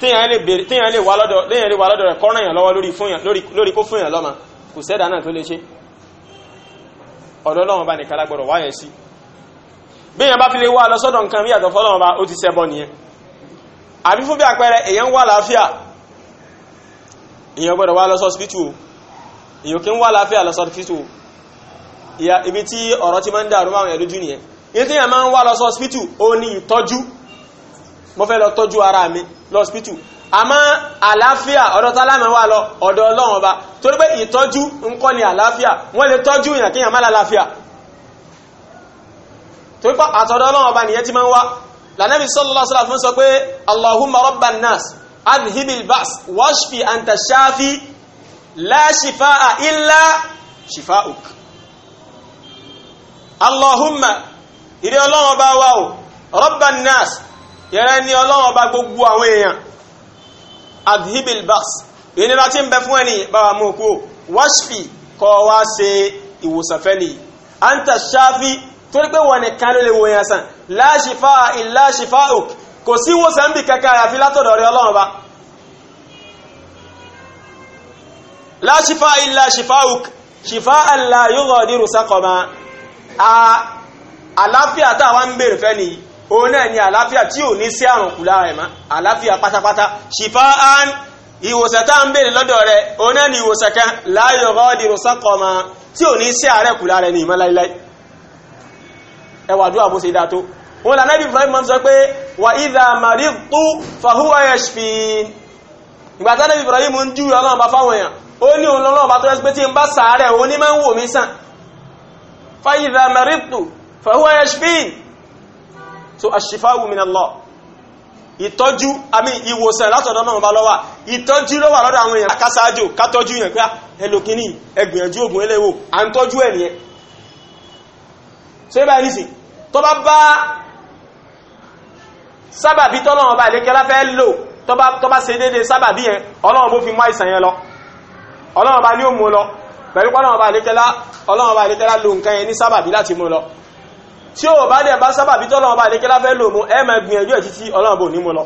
téèyàn lè wá lọ́dọ̀ rẹ̀ kọ́ràn èèyàn lọ́wọ́ lórí kó fún èèyàn lọ́mọ kò sẹ́dá ọ̀dọ̀ àbí fún bí àpẹẹrẹ èyàn wà láàáfíà èyàn gbọ́dọ̀ wá lọ sọ́spítù èyàn kí ń wà láàáfíà lọ sọ́spítù ibi tí ọ̀rọ̀ ti máa ń dàrú àwọn ẹ̀lójú nìyẹn ní tí èyàn máa ń wà lọ sọ́spítù ó ní ìtọ́jú mo fẹ́ lọ tọ́jú ara mi lọ́spítù àmọ́ àlàáfíà ọ̀dọ̀ tálámẹ̀ wà lọ ọ̀dọ̀ àtọ̀dọ̀ ọlọ́run ọba nìyẹn ti máa ń wá lànàbí sallallahu alaihi wasallam sọ pé allahumma rabban nas adhibil ba's washfi anta shafi la shifaa illa shifauk allahumma ìrẹ́ ọlọ́run bá wá o rabban nas yẹrẹ ni ọlọ́run bá gbogbo àwọn èèyàn adhibil ba's ìnira tí ń bẹ fún ẹni báwa mú kú washfi kọ́ wá ṣe ìwòsànfẹ́ nìyí anta shafi torí pé wọn nìkan ló lè wo yẹn sàn la shifa illa shifa'uk kò sí wòsàn bí kankan àyàfi látọ̀dọ̀ rẹ ọlọ́run bá la shifa illa shifa'uk shifa'an la yughadiru saqama a àlàáfíà tá a wá fẹ́ nìyí òun náà ni àlàáfíà tí ò ní sí àrùn kù lára ẹ̀ mọ́ àlàáfíà pátápátá shifa'an ìwòsàn tá ń bèrè lọ́dọ̀ rẹ̀ òun náà ni ìwòsàn kan la yughadiru saqama tí ò ní sí àárẹ̀ kù ní ìmọ̀ ẹwà àdúrà bó ṣe dá tó wọn lànà ibi Ibrahim sọ pé wà ìdá maridtu fahuwa yashfin ìgbà tánà ibi Ibrahim ń júwe ọlọ́run bá fáwọn èèyàn ó ní òun bá tó rẹ́ pé ń bá sàárẹ̀ òun ní máa ń sàn fa ìtọ́jú àmì ìwòsàn látọ̀dọ̀ náà bá lọ́wà ìtọ́jú lọ́wà lọ́dọ̀ àwọn èèyàn kátọ́jú yẹn pé ah, ẹlòkíní ẹgbìyànjú ògùn eléwò à ń tọ́jú ẹ̀ ṣe bá nísìn tó bá bá sábàbí tọ́lọ́wọ́n bá lékẹ́ láfẹ́ lò tó bá ṣe déédéé sábàbí yẹn ọlọ́wọ́n bó fi mú àìsàn yẹn lọ ọlọ́wọ́n bá ní òmù lọ pẹ̀lú pọ́lọ́wọ́n bá lékẹ́lá lò nǹkan yẹn ní sábàbí láti mú lọ tí ó bá dẹ̀ bá sábàbí tọ́lọ́wọ́n bá lékẹ́lá fẹ́ lò mú ẹ máa gbìyànjú ẹ̀ títí ọlọ́wọ́n bò ní mú lọ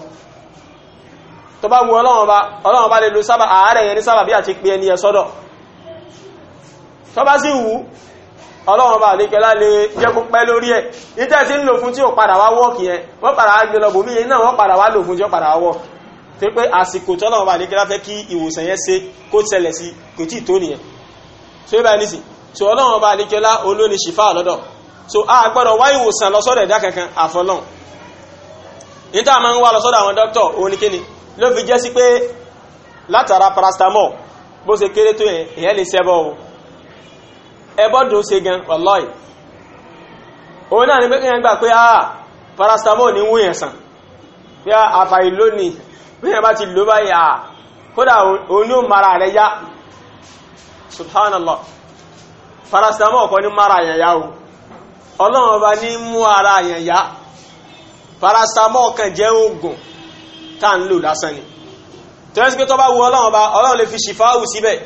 tó bá wù ọlọ́wọ́n bá lè lo ààrẹ yẹn ní sábàbí àti pé ẹni ẹ̀ sọ́dọ̀ tó bá sì wù ọlọ́run bá àlékẹ́lá lè jẹ́kún pẹ́ lórí ẹ̀ nítẹ́ sí ń lò fún tí ò padà wá wọ́ọ̀kì yẹn wọ́n padà wá gbé lọ́bùn míì náà wọ́n padà wá lò fún tí ó padà wá wọ́ tí pé àsìkò tọ́lọ́run bá àlékẹ́lá fẹ́ kí ìwòsàn yẹn ṣe kó tẹ̀lẹ̀ sí kò tí tó nìyẹn so ibà ní sí so ọlọ́run bá àlékẹ́lá olóni ṣìfà lọ́dọ̀ so a gbọ́dọ̀ wá ìwòsàn lọ sọ́dọ̀ ẹ̀dá kankan àfọlọ́n níta máa ń wá lọ sọ́dọ̀ àwọn dókítà oníkíni ló fi jẹ́ sí pé látara paracetamol bó ṣe kéré tó yẹn ìyẹn lè ṣẹbọ o ẹbọ dùn ṣe gan wàlọ́ọ̀ì òun náà ni pé kíyàn gbà pé ah paracetamol ní wúyàn sàn pé ah, àfàì lónìí bí yàn bá ti lò báyìí ah kódà òun yóò mara rẹ yá subhanallah paracetamol kọ́ ní mara yẹn yá o ọlọ́run ọba ní mú ara yẹn yá paracetamol kan jẹ́ oògùn tá à ń lò lásán ni tẹ́lẹ́sì pé tó bá wu ọlọ́run ọba ọlọ́run lè fi ṣìfáwù síbẹ̀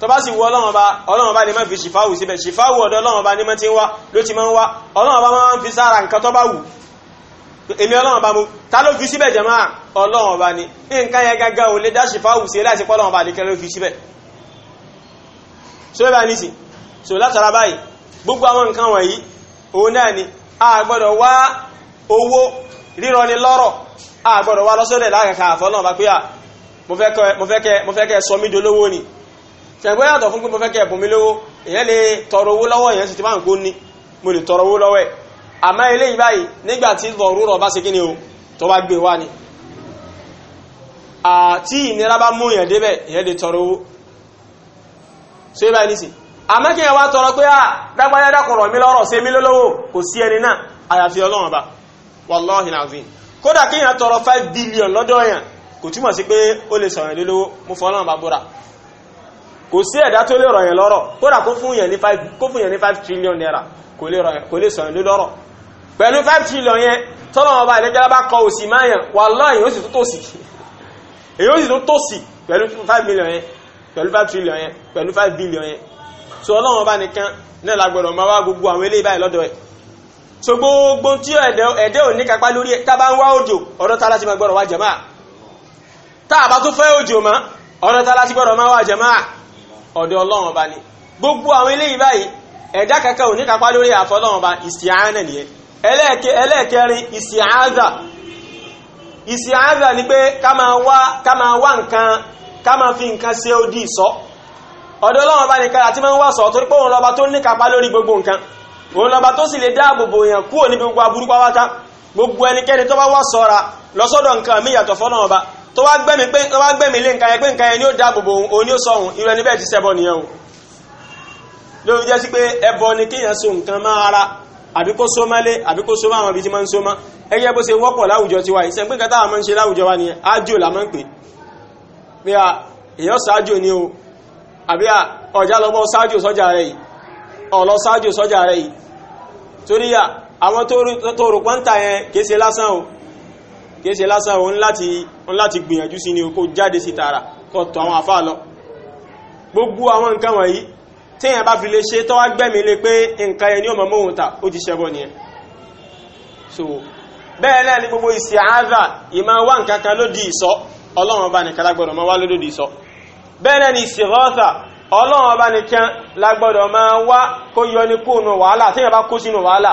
tó bá sì wọ ọlọ́run ọba ọlọ́run ọba ni máa fi ṣìfáwù síbẹ̀ ṣìfáwù ọ̀dọ̀ ọlọ́run ọba ni máa ti ń wá ló ti máa ń wá ọlọ́run ọba máa ń fi sára nǹkan tó bá wù èmi ọlọ́run ọba mu ta ló fi síbẹ̀ jẹ́ máa ọlọ́run ọba ni nǹkan yẹn gágá ò lè dá ṣìfáwù sí láti pọ́ ọlọ́run ọba àdékẹ́ ló fi síbẹ̀ so bá ní sí so látara báyìí gbogbo àwọn nǹkan wọ̀nyí òun náà ni a gbọ́dọ̀ wá owó rírọ ni lọ́rọ̀ a gbọ́dọ̀ wá lọ́sọ̀rẹ̀ láàkàkà àfọ́lọ́run ọba pé à mo fẹ́ kẹ́ sọ mí dolówó ni ṣẹ̀gbẹ́ yàtọ̀ fún pé mo fẹ́ kẹ́ ẹ̀bùn mi lówó èyàn lè tọrọ owó lọ́wọ́ èyàn sì ti máa ń kó ní mo lè tọrọ owó lọ́wọ́ ẹ̀ àmọ́ eléyìí báyìí nígbà tí lọ́rùrọ̀ bá ṣe kíni o tó bá gbé wá ni àti ìnira bá mú èyàn débẹ̀ èyàn lè tọrọ owó billion lọ́dọ̀ èyàn kò túmọ̀ sí pé ó lè sọ̀rọ̀ kò sí ẹ̀dá tó lè rọ̀yìn lọ́rọ̀ kódà kó fún yẹn ní five kó fún yẹn five trillion naira kò lè rọ̀yìn kò lè sọ̀yìn ló lọ́rọ̀ pẹ̀lú five trillion yẹn tọ́lọ̀ ọba ìlẹ́jọ́ bá kọ òsì máa yàn wallahi èyí ó sì tún tòsì èyí ó sì tún tòsì pẹ̀lú five million yẹn pẹ̀lú five trillion yẹn pẹ̀lú five billion yẹn so ọlọ́run ọba nìkan náà lágbọ́dọ̀ máa wá gbogbo àwọn eléyìí báyìí lọ́dọ̀ ẹ̀ so gbogbo tí ẹ̀dẹ́ ò ní kápá lórí ẹ̀ tá a bá ń wá òjò ọ̀dọ̀ tá láti máa gbọ́dọ̀ wá jàmáà tá a bá ọ̀dọ̀ ọlọ́run ọba ni gbogbo àwọn eléyìí báyìí ẹ̀dá kankan ò ní kápá lórí àfọlọ́run ọba ìsìáánà nìyẹn ẹlẹ́ẹ̀kẹrin ìsìáánà ìsìáánà ni pé ká máa wá kama máa wá nǹkan ká máa fi nǹkan ṣe odi ìsọ ọ̀dọ̀ ọlọ́run ọba nìkan àti máa ń wá sọ torí pé òun lọ́ba tó ní kápá lórí gbogbo nǹkan òun tó sì lè dáàbòbò èèyàn kúrò níbi gbogbo aburú pátá gbogbo ẹnikẹ́ni tó bá wá sọ́ra lọ́sọ́dọ̀ nǹkan ọba tó wá gbẹ̀mí pé tó wá gbẹ̀mí lé nǹkan yẹn pé nǹkan yẹn ni ó dáàbò bò òun ni ó sọ òun irú ẹni bẹ́ẹ̀ ti ṣẹbọ nìyẹn o lórí jẹ́ sí pé ẹbọ ni kéèyàn so nǹkan máa ara àbí kó so mọ́lé àbí kó so mọ́ àwọn ibi tí máa ń so mọ́ ẹgbẹ́ bó ṣe wọ́pọ̀ láwùjọ tiwa yìí sẹ́ńpé kátà máa ń ṣe láwùjọ wa nìyẹn ájò là máa ń pè pé à èèyàn ṣáájò ni o àbí à ọ̀já lọ́bọ̀ ṣáájò sọ́jà rẹ̀ yìí ọ̀lọ́ ṣáájò sọ́jà rẹ̀ yìí torí à àwọn tó rò pọ́ńtà yẹn kìí ṣe lásán o kìí ṣe lásán òun láti gbìyànjú sí ni kó jáde sí tààrà kó tọ̀ àwọn àfáà lọ gbogbo àwọn nǹkan wọ̀nyí téèyàn bá fi lè ṣe tọ́wá gbẹ̀mí lé pé nǹkan ẹni ọmọ mọ́hun ta ó ti ṣẹbọ nìyẹn so bẹ́ẹ̀ náà ni gbogbo ìsì àádà ìmọ̀ wá nǹkan kan lódì ìsọ ọlọ́run ọba nìkan lágbọ́dọ̀ máa wá lódì ìsọ bẹ́ẹ̀ náà ni kó yọ ní kúrò wàhálà téèyàn bá kó sínú wàhálà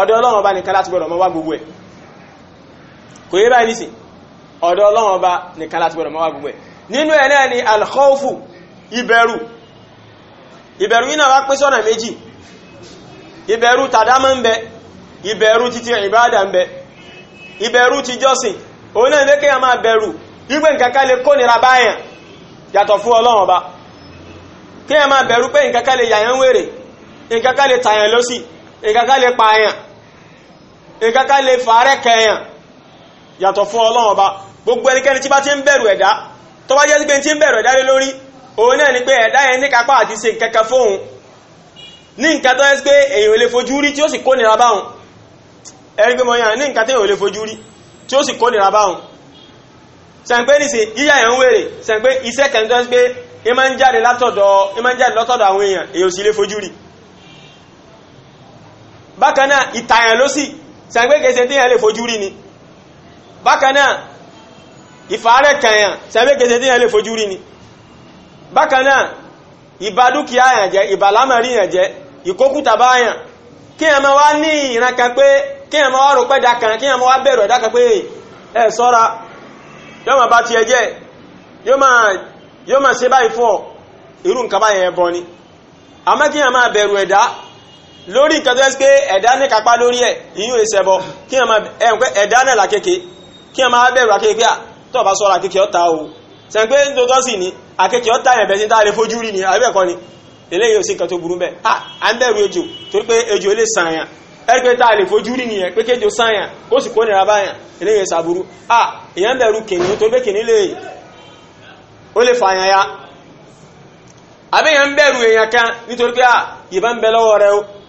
ọ̀dọ̀ ọlọ́run ọba nìkan láti gbọ́dọ̀ mọ́ wá gbogbo ẹ̀ kò yé báyìí nísìn ọ̀dọ̀ ọlọ́run ọba nìkan láti gbọ́dọ̀ mọ́ wá gbogbo ẹ̀ nínú ẹ̀ náà ni alkhawfu ìbẹ̀rù ìbẹ̀rù yìí náà wá pín sọ́nà méjì ìbẹ̀rù tàdámọ́ ń bẹ ìbẹ̀rù títí ìbáadà ń bẹ ìbẹ̀rù ti jọ́sìn òun náà lékè a máa bẹ̀rù wípé nǹkan kan lè kónira báyàn yàtọ̀ fún ọlọ́run ọba kí a máa bẹ̀rù pé nǹkan kan lè yàyàn wèrè nǹkan kan lè tàyàn lọ́sì ìkàkà lè pààyàn ìkàkà lè fàárẹ̀ kẹyàn yàtọ̀ fún ọlọ́run ọba gbogbo ẹnikẹ́ni tí bá ti ń bẹ̀rù ẹ̀dá tó bá jẹ́ pé tí ń bẹ̀rù ẹ̀dá lé lórí òun náà ni pé ẹ̀dá yẹn ní kápá àti ṣe nǹkan kan fóun ní nǹkan tó yẹ pé èyàn ò lè fojú rí tí ó sì kó nira báhùn ẹni pé mo yàn ní nǹkan tí èyàn ò lè fojú rí tí ó sì kó nira báhùn sẹ̀ǹpé nìsín yíyá yẹn ń wèrè sẹ̀ǹpé iṣẹ́ kẹ́ńtọ́ yẹ pé ẹ máa ń jáde látọ̀dọ̀ àwọn èèyàn èyàn ò sì lè fojú rí bakana ìtàyàn ló sì sàgbékèsè tí yàn lè fojú rí ni bákanáà ìfàárẹ̀ kàyàn sàgbékèsè tí yàn lè fojú rí ni bákanáà ìbádúkìá yàn jẹ́ ìbàlámàrí yàn jẹ́ kí yàn máa wá ní ìran kan pé kí yàn máa wá rọpẹ́ da kí yàn máa wá bẹ̀rù ẹ̀dá kan pé ẹ sọ́ra yóò máa bá tiẹ̀ jẹ́ ni àmọ́ kí yàn máa bẹ̀rù lórí nǹkan tó ẹ́ pé ẹ̀dá ní kápá lórí ẹ̀ ìyún ìṣẹ̀bọ kí ẹ̀mọ ẹ̀dá náà làkèké kí ẹ̀mọ abẹ́rù àkèké à tó bá sọ́ra àkèké ọ̀tá o sì ni yẹn a fojú rí ni àbẹ́ẹ̀kọ́ ni eléyìí ò sí nǹkan tó burú bẹ́ẹ̀ à ń bẹ̀rù ejò torí pé ejò a lè fojú rí nìyẹn pé kéjò sàn kó sì kó nira báyàn eléyìí sàbúrú à èèyàn ń bẹ̀rù kìnìún tó kìnìún lè ó lè fà ya àbẹ́yàn ń bẹ̀rù èèyàn kan nítorí pé à ìbá ń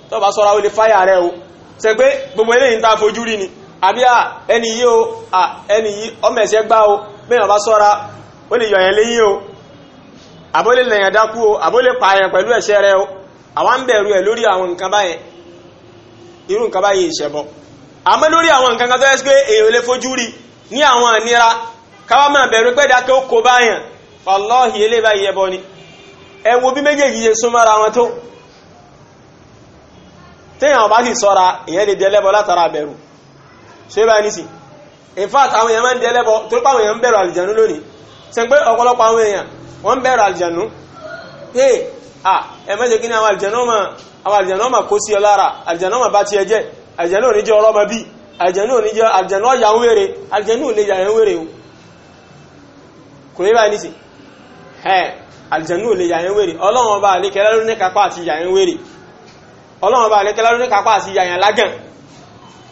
tó bá sọ́ra le faya fáyà rẹ̀ o ṣe pé gbogbo eléyìí tá fojú rí ni àbí ẹni yìí o ẹni yìí ọmọ ẹ̀ṣẹ̀ gbá o mẹ́yàn bá sọ́ra lè léyìn o àbó lẹ̀yàn dákú o àbó pààyàn pẹ̀lú rẹ̀ o àwa ń bẹ̀rù ẹ̀ lórí àwọn nǹkan báyẹn irú nǹkan báyìí ìṣẹ̀bọ àmọ́ lórí àwọn nǹkan kan tó yẹ pé èèyàn lè fojú rí ní àwọn ìnira máa bẹ̀rù pé ó kó báyàn téèyàn bá sì sọ́ra èyàn lè ẹlẹ́bọ látara bẹ̀rù ṣe bá ní sí in fact àwọn èèyàn máa ń dẹlẹ́bọ tó pa àwọn èèyàn ń bẹ̀rù àlìjànú lónìí ṣe pé ọ̀pọ̀lọpọ̀ àwọn èèyàn wọ́n ń bẹ̀rù àlìjànú pé à ẹ mẹ́jẹ kí ni àwọn àlìjànú ọ lára àlìjànú mà bá ti ẹ jẹ àlìjànú ò ní jẹ ọlọ́mọ bí àlìjànú ò jẹ àlìjànú ń wèrè àlìjànú wèrè o kò ní bá ní sí àlìjànú wèrè ọlọ́run ọba kápá àti ọlọ́run bá àlékẹ́lá ló ní kápá àti yàyàn lágàn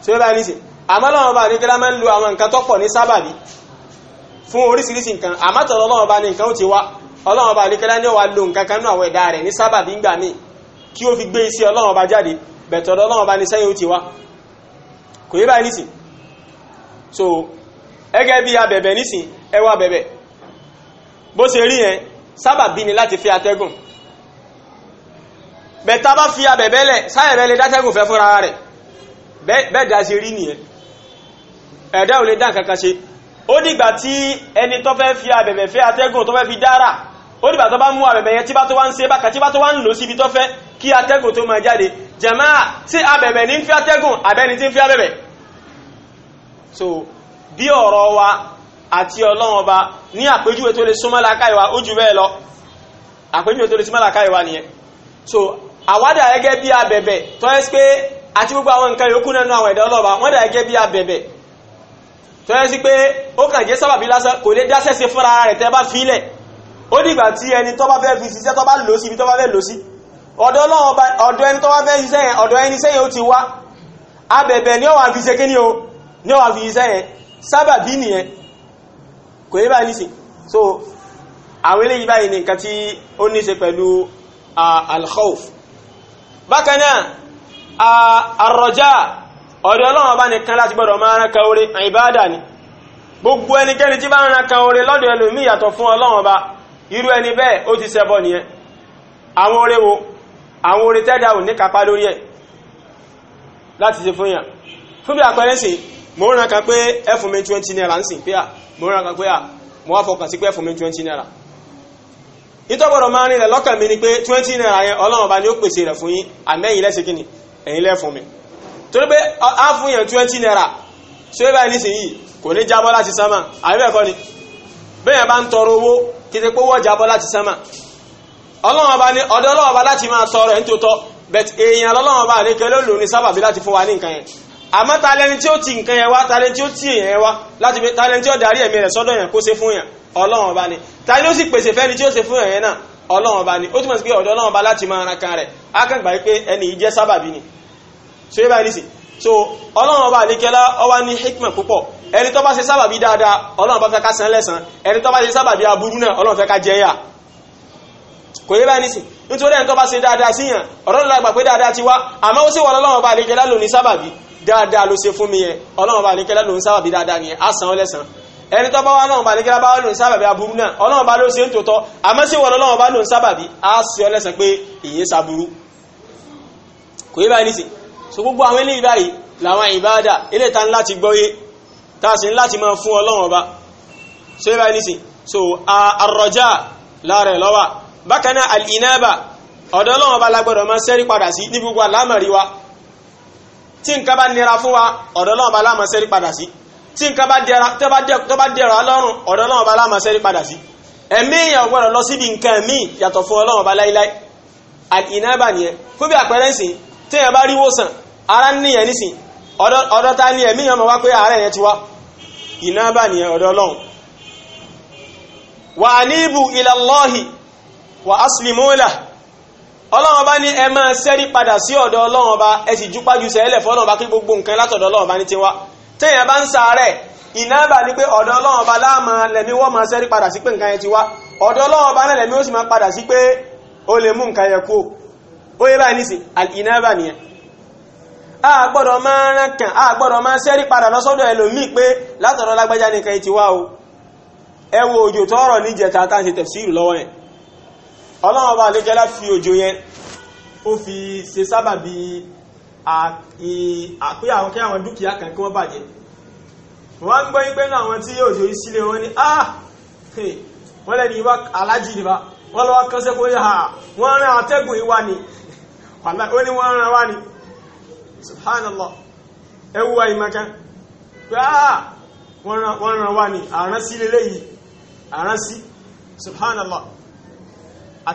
tí ó bá ní sí àmọ́ ọlọ́run bá àlékẹ́lá máa ń lo àwọn nǹkan tọ́pọ̀ ní sábàbí fún oríṣiríṣi nǹkan àmọ́tọ̀ ọlọ́run bá ní nǹkan ó ti wá ọlọ́run bá àlékẹ́lá ní ó wá lo nǹkan kan nú àwọn ẹ̀dá rẹ̀ ní sábàbí ńgbà míì kí ó fi ní so ẹgẹ́ bí abẹ̀bẹ̀ nísìn ẹwà bẹ̀bẹ̀ bó ṣe rí yẹn sábàbí ni láti fi atẹ́gùn bẹ̀ta bá fi abẹ̀bẹ̀ lẹ̀ sáyẹ̀bẹ̀ lè dátẹ́gùn fẹ́ fúnra rẹ̀ bẹ́ẹ̀ dá ṣe rí nìyẹn ẹ̀dá ò lè dá nǹkan kan ṣe ó dìgbà tí ẹni tó fẹ́ fi abẹ̀bẹ̀ fẹ́ atẹ́gùn tó fẹ́ fi dára ó dìgbà tó bá mú abẹ̀bẹ̀ yẹn tí bá tó wá ń ṣe bákan tí bá tó wá ń lò síbi tó fẹ́ kí atẹ́gùn tó máa jáde jàmáà tí abẹ̀bẹ̀ ní fi atẹ́gùn abẹ́ni tí ń fi abẹ̀bẹ̀ so bí ọ̀rọ̀ wa àti ọlọ́run ọba ní àpéjúwe tó lè súnmọ́ làákàyè wa ó ju bẹ́ẹ̀ lọ àpéjúwe tó lè súnmọ́ làákàyè wa nìyẹn so àwádà gẹ́gẹ́ bí abẹ̀bẹ̀ tó yẹ pé àti gbogbo àwọn nǹkan yòókù nínú àwọn ẹ̀dá ọlọ́ba wọ́n dà gẹ́gẹ́ bí abẹ̀bẹ̀ tó yẹ sí pé ó kàn jẹ́ sábàbí lásán kò lè dáṣẹ́ sí fúnra rẹ̀ tẹ́ bá filẹ̀ ó dìgbà tí ẹni tó bá fẹ́ fi ṣiṣẹ́ tó bá lò sí ibi tó bá fẹ́ lò sí ọ̀dọ̀ ẹni tó bá fẹ́ ṣiṣẹ́ yẹn ọ̀dọ̀ ẹni sẹ́yìn ó ti wá abẹ̀bẹ̀ ni ó wà fi ṣe kí ni o ní ó wà fi ṣiṣẹ́ yẹn sábàbí nìyẹn kò yẹ báyìí nísìn so àwọn eléyìí báyìí ni nǹkan tí ó ní ṣe pẹ̀lú al bákan náà àrọ̀já ọ̀dọ̀ ọlọ́run ọba nìkan láti gbọ́dọ̀ máa rán kan oore ìbáàdà ni gbogbo ẹnikẹ́ni tí bá ń rán kan oore lọ́dọ̀ ẹlòmí yàtọ̀ fún ọlọ́run ọba irú ẹni bẹ́ẹ̀ ó ti ṣẹbọ nìyẹn àwọn oore wo àwọn oore tẹ́dà ìtọ́gbọ̀dọ̀ máa rìn rẹ̀ lọ́kàn mi ni pé twenty naira yẹn ọlọ́run bá ní ó pèsè rẹ̀ fún yín àmẹ́yìn lẹ́sẹ̀ kí ni ẹ̀yin lẹ́fún mi torí pé á fún yẹn twenty naira ṣé ó báyìí nísìnyìí kò ní jábọ́ láti sánmà àbí bẹ́ẹ̀ kọ́ ni bẹ́ẹ̀ yẹn bá ń tọrọ owó kí ti pé owó jábọ́ láti sánmà ọlọ́run bá ní ọ̀dọ̀ ọlọ́run bá láti máa tọrọ ẹ̀ ń tó tọ́ bẹ̀t èèyàn ọlọ́run bá àlékẹ́ ló lò ní sábàbí láti fún wa ní nǹkan yẹn àmọ́ talẹ́ni tí ó ti nǹkan yẹn wá talẹ́ni tí ó ti èèyàn yẹn wá láti talẹ́ni tí ó darí ẹ̀mí rẹ̀ sọ́dọ̀ yẹn kó ṣe fún yẹn ọlọ́run bá ní ta ni ó sì pèsè fẹ́ni tí ó ṣe fún ẹ̀yẹn náà ọlọ́run ọba ni ó túmọ̀ sí pé ọ̀dọ̀ ọlọ́run ọba láti máa ran kan rẹ̀ akẹ́gbà pé ẹni yìí jẹ́ sábàbí ni so yé báyìí nísìn so ọlọ́run ọba àlékẹ́lá ọwá ní hikma púpọ̀ ẹni tó bá ṣe sábàbí dáadáa ọlọ́run ọba fẹ́ ká san lẹ́san ẹni tó bá ṣe sábàbí aburú náà ọlọ́run fẹ́ ká jẹ yà kò yé báyìí nísìn nítorí ẹni tó bá ṣe dáadáa síyàn ọlọ́run lágbà pé dáadáa ti wá àmọ́ ó sì wọ́n ọlọ́run ọba àlékẹ́lá ló ní sábàbí dáadáa ló ṣe fún mi yẹn ọlọ́run ọba àlékẹ́lá ló ní sábàbí dáadáa nìyẹn á san ọ́ lẹ́san ẹni tó bá wá náà bá ní kíra bá wá lòun sábàbí aburú náà ọlọ́run bá ló ṣe ń tòótọ́ àmọ́ sí wọn lọ́wọ́ bá lòun sábàbí á sí ọ lẹ́sẹ̀ pé ìyẹn sàbúrú kò yí báyìí nìsín so gbogbo àwọn eléyìí báyìí làwọn ìbáadà eléyìí ta ń láti gbọ́yé tá a sì ń láti máa fún ọlọ́run ọba so yí báyìí nìsín so àrọ̀já lára lọ́wà bákan náà àlìnàbà la gbọ́dọ̀ máa sẹ́rí padà sí ní la máa sẹ́rí tí nǹkan bá dẹ̀rọ alọ́rùn ọ̀dọ̀ ọlọ́run ọba aláàmàṣẹ́rí padà sí ẹ̀mí èèyàn gbọ́dọ̀ lọ síbi nǹkan míì yàtọ̀ fún ọlọ́run ọba láíláí nìyẹn fún bí àpẹẹrẹ ńsìn bá rí wòsàn ara níyẹn nísìn ọ̀dọ̀ ta ni ẹ̀mí èèyàn mọ̀ wá pé ààrẹ yẹn ti wá nìyẹn ọ̀dọ̀ ọlọ́run wà wà ọlọ́run ọba ní ẹ máa ṣẹ́rí padà sí ọ̀dọ̀ ọlọ́run ọba ẹ sì sẹ́lẹ̀ ọba kí gbogbo nǹkan látọ̀dọ̀ ọlọ́run tiwa téèyàn bá ń sàárẹ̀ ìnáàbà ni pé ọ̀dọ̀ ọlọ́run ọba láàmà lẹ́mí wọ́n máa sẹ́rí padà sí pé nǹkan yẹn ti wá ọ̀dọ̀ ọlọ́run ọba náà lẹ́mí ó sì padà sí pé ó lè mú nǹkan yẹn kú ó yẹ báyìí a gbọ́dọ̀ máa rán kàn a gbọ́dọ̀ máa sẹ́rí padà lọ́sọ́dọ̀ ẹlòmíì pé látọ̀rọ̀ lágbájá nìkan yẹn ti wá o ẹ wo òjò tọrọ níjẹta tá ṣe tẹ̀síìrù lọ́wọ́ yẹn ọlọ́run ọba àlejò àpé àwọn kí àwọn dúkìá kan kí wọ́n bàjẹ́ wọ́n ń gbọ́ yí pé ní àwọn tí yóò jòyí sílé wọn ni ah wọ́n lẹ́ni ìwá alájì nìbá wọ́n lọ́wọ́ kan sẹ́kọ́ yá wọ́n rán ìwá ni ó ní wọ́n rán wá ni subhanallah ẹwú wa ìmọ̀kẹ́ pé ah wọ́n rán wá ni àrán sí lélẹ́ yìí àrán sí subhanallah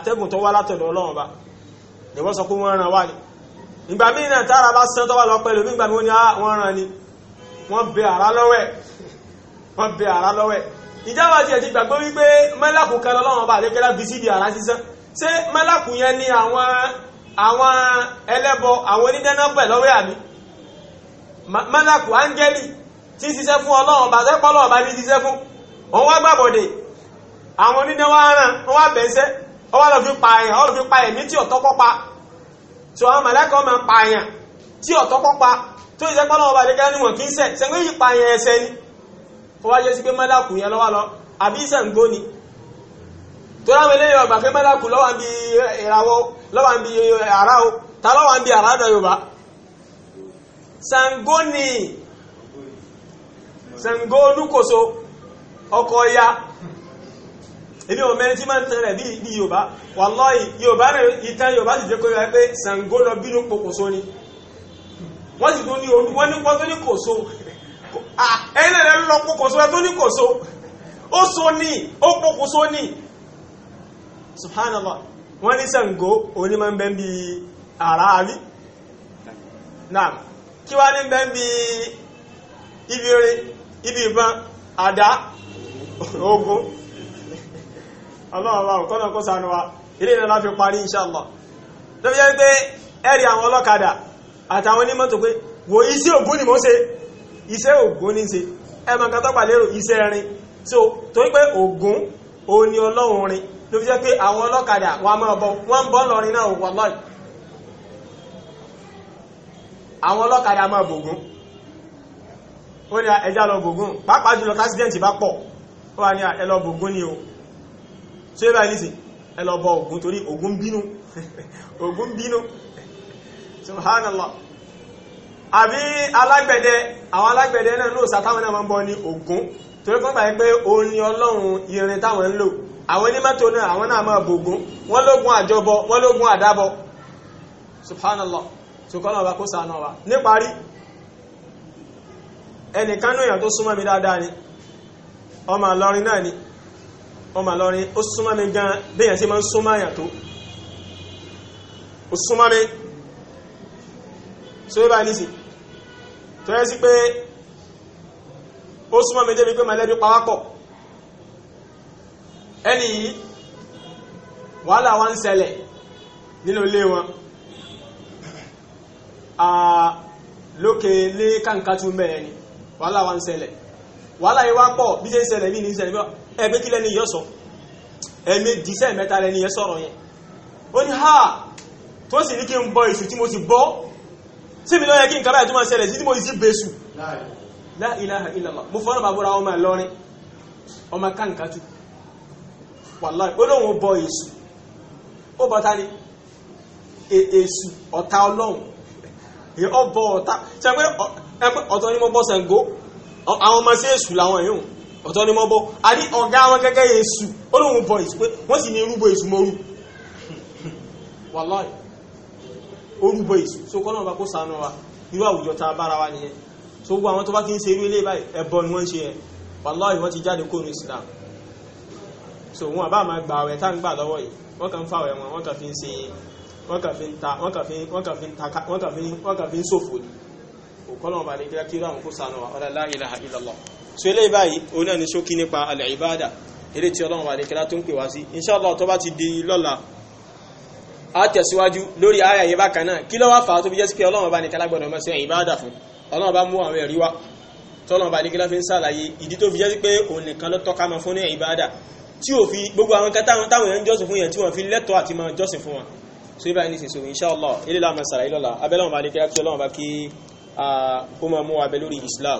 tó ìgbà míì náà tára bá sẹ́ tọ́wọ́ lọ pẹ̀lú nígbà míì wọ́n ràn ah, ni wọ́n bẹ àrá lọ́wẹ̀ wọ́n bẹ àrá lọ́wẹ̀ ìjábọ̀ tiẹ̀ ti gbàgbọ́ wípé mẹ́làkù kan lọ́wọ́n bá àlékẹ́lá bí síbi àrá sísán ṣé mẹ́làkù yẹn ni àwọn àwọn ẹlẹ́bọ àwọn onídẹ́nà pẹ̀ lọ́wẹ́ àmì mẹ́làkù áńgẹ́lì tí ń ṣiṣẹ́ fún ọlọ́run bá sẹ́pọ̀ ọlọ́run bá ní ṣiṣẹ́ fún òun wá gbàbọ̀dẹ̀ àwọn onídẹ́wọ̀ aràn wọ́n wá bẹ̀ẹ́sẹ́ wọ́n wá lọ fi pa ẹ̀yàn wọ́n lọ fi pa ẹ̀mí tí ọ̀tọ́ pọ́pa so àwọn màláìkà ọmọ pààyàn tí ọ̀tọ́ pọ́pa tó ìṣẹ́ pọ́nà ọba àdékẹ́ níwọ̀n kí ń sẹ̀ ṣe pé ìpààyàn ẹsẹ̀ ni tó wá sí pé mẹ́láàkù yẹn lọ́wọ́ lọ àbí ń tó láwọn eléyìí ọgbà pé mẹ́láàkù lọ́wọ́ ń bi ìràwọ̀ lọ́wọ́ ń bi o ta ń bi ya èmi ò mẹ́rin tí máa ń tẹ́ rẹ̀ bí yorùbá wallahi yorùbá rẹ̀ ìtàn yorùbá sì jẹ́ kó yẹ pé lọ ni wọ́n sì tó ní olú wọ́n ní pọ́ tó ní kòso ẹ̀yìn náà lọ pokòso ẹ tó ní kòso ó so ní ó pokòso ní subhanallah wọ́n ní òní máa ń bẹ́ bí ọlọ́ọ̀lọ́ kọ́nà kó sànú wa ilé ìrìnlá fi parí inṣàlọ́ tó fi jẹ́ pé ẹ̀rí àwọn ọlọ́kadà àtàwọn onímọ́tò pé wo iṣẹ́ ògún ni mo ṣe iṣẹ́ ògún ní ṣe ẹmọ kan tọ́pà lérò iṣẹ́ rin so torí pé ògún o ni ọlọ́run rin ló fi jẹ́ pé àwọn ọlọ́kadà wọn máa bọ wọn bọ́ lọrin náà wọ lọ́yìn àwọn ọlọ́kadà máa bògún ó ní o ṣé bá ilé sí ogun torí Ògún bínú Abi bínú subhanallah àbí alágbẹ̀dẹ àwọn alágbẹ̀dẹ náà lóòsà táwọn náà ń ní torí pé ní ọlọ́run irin táwọn ń lò àwọn onímọ́tò náà àwọn náà máa bògún wọ́n lógun àjọbọ wọ́n lógun àdábọ níparí ẹnìkanú èèyàn tó súnmọ́ mi ni ọmọ àlọrin náà ni ọmọ lọrin ó súnmọ́ mi gan bẹ́yàn sí ma ń súnmọ́ àyà tó ó súnmọ́ mi so yíba nìsí tó yẹ sí pé ó súnmọ́ mi débi pé mọ̀lẹ́bí pawápọ̀ ẹni yìí wàhálà wa ń ṣẹlẹ̀ nínú ilé wọn lókè lé kàǹkà tún bẹ̀rẹ̀ ni wàhálà wa ń ṣẹlẹ̀ wàhálà yìí wá pọ̀ bí ṣe ń ṣẹlẹ̀ bí ní ṣẹlẹ̀ bí wọ́n ẹgbẹ́ kí lẹ́ni yọ sọ ẹ̀mẹ́ díṣẹ́ mẹ́ta lẹ́ni yẹ sọ̀rọ̀ yẹn ó ní ha tó sì ní kí n bọ èṣù tí mo sì bọ́ sí mi lọ́yẹ kí n kábàá tó máa ṣẹlẹ̀ sí tí mo sì bèṣù la ilaha illallah mo fọ́nà bàbúrà ọmọ ẹ̀lọrin ọmọ kánkátù wallahi ó lóun bọ èṣù ó bọ́ ta ni e, èṣù ọ̀tá ọlọ́run ọbọ̀ ọ̀tá ṣe pé ọ̀tọ̀ ni mo bọ́ Ṣàngó àwọn ọmọ sí èṣù làwọn yìí ọtọ ni mo bọ́ a ní ọ̀gá wọn gẹ́gẹ́ èṣù ó lóun bọ èṣù pé wọ́n sì ní orúbọ èṣù mọ́rú wàláì orúbọ èṣù so kọ́ náà bá kó sànú wa irú àwùjọ ta bára wa nìyẹn so gbogbo àwọn tó bá kí ń ṣe irú ilé báyìí ẹbọ ni wọ́n ń ṣe yẹn so wọn àbá gba tá ń gbà wọ́n kàn ń wọn kàn fi ń ṣe fi ń ta kàn fi ń kàn fi ń ta wọ́n kàn fi ń kàn fi ń wa so ilé báyìí òun náà ni ṣókí nípa al-ibada eré tí ọlọ́run wà lékelá tó ń pè wá sí inshallah tó bá ti di lọ́la a tẹ̀síwájú lórí ayà yẹn bákan náà kí ló wá fà á tó fi jẹ́ sí pé ọlọ́run bá ní kálágbọ̀dọ̀ mọ́ sí ìbáàdà fún ọlọ́run bá mú àwọn ẹ̀rí wá tọ́lọ́run bá ní kílá fi ń sàlàyé ìdí tó fi jẹ́ sí pé òun nìkan ló tọ́ka mọ́ fún ní ìbáàdà tí ò fi gbogbo àwọn kan táwọn táwọn èèyàn jọ́sìn fún yẹn tí wọ́n fi lẹ́tọ̀ọ́ àti máa jọ́sìn fún wọn so inshallah ilé láàmà sàlàyé lọ́la abẹ́lọ́run bá ní kílá kí ọlọ́run bá kí ó máa mú wa bẹ lórí Islam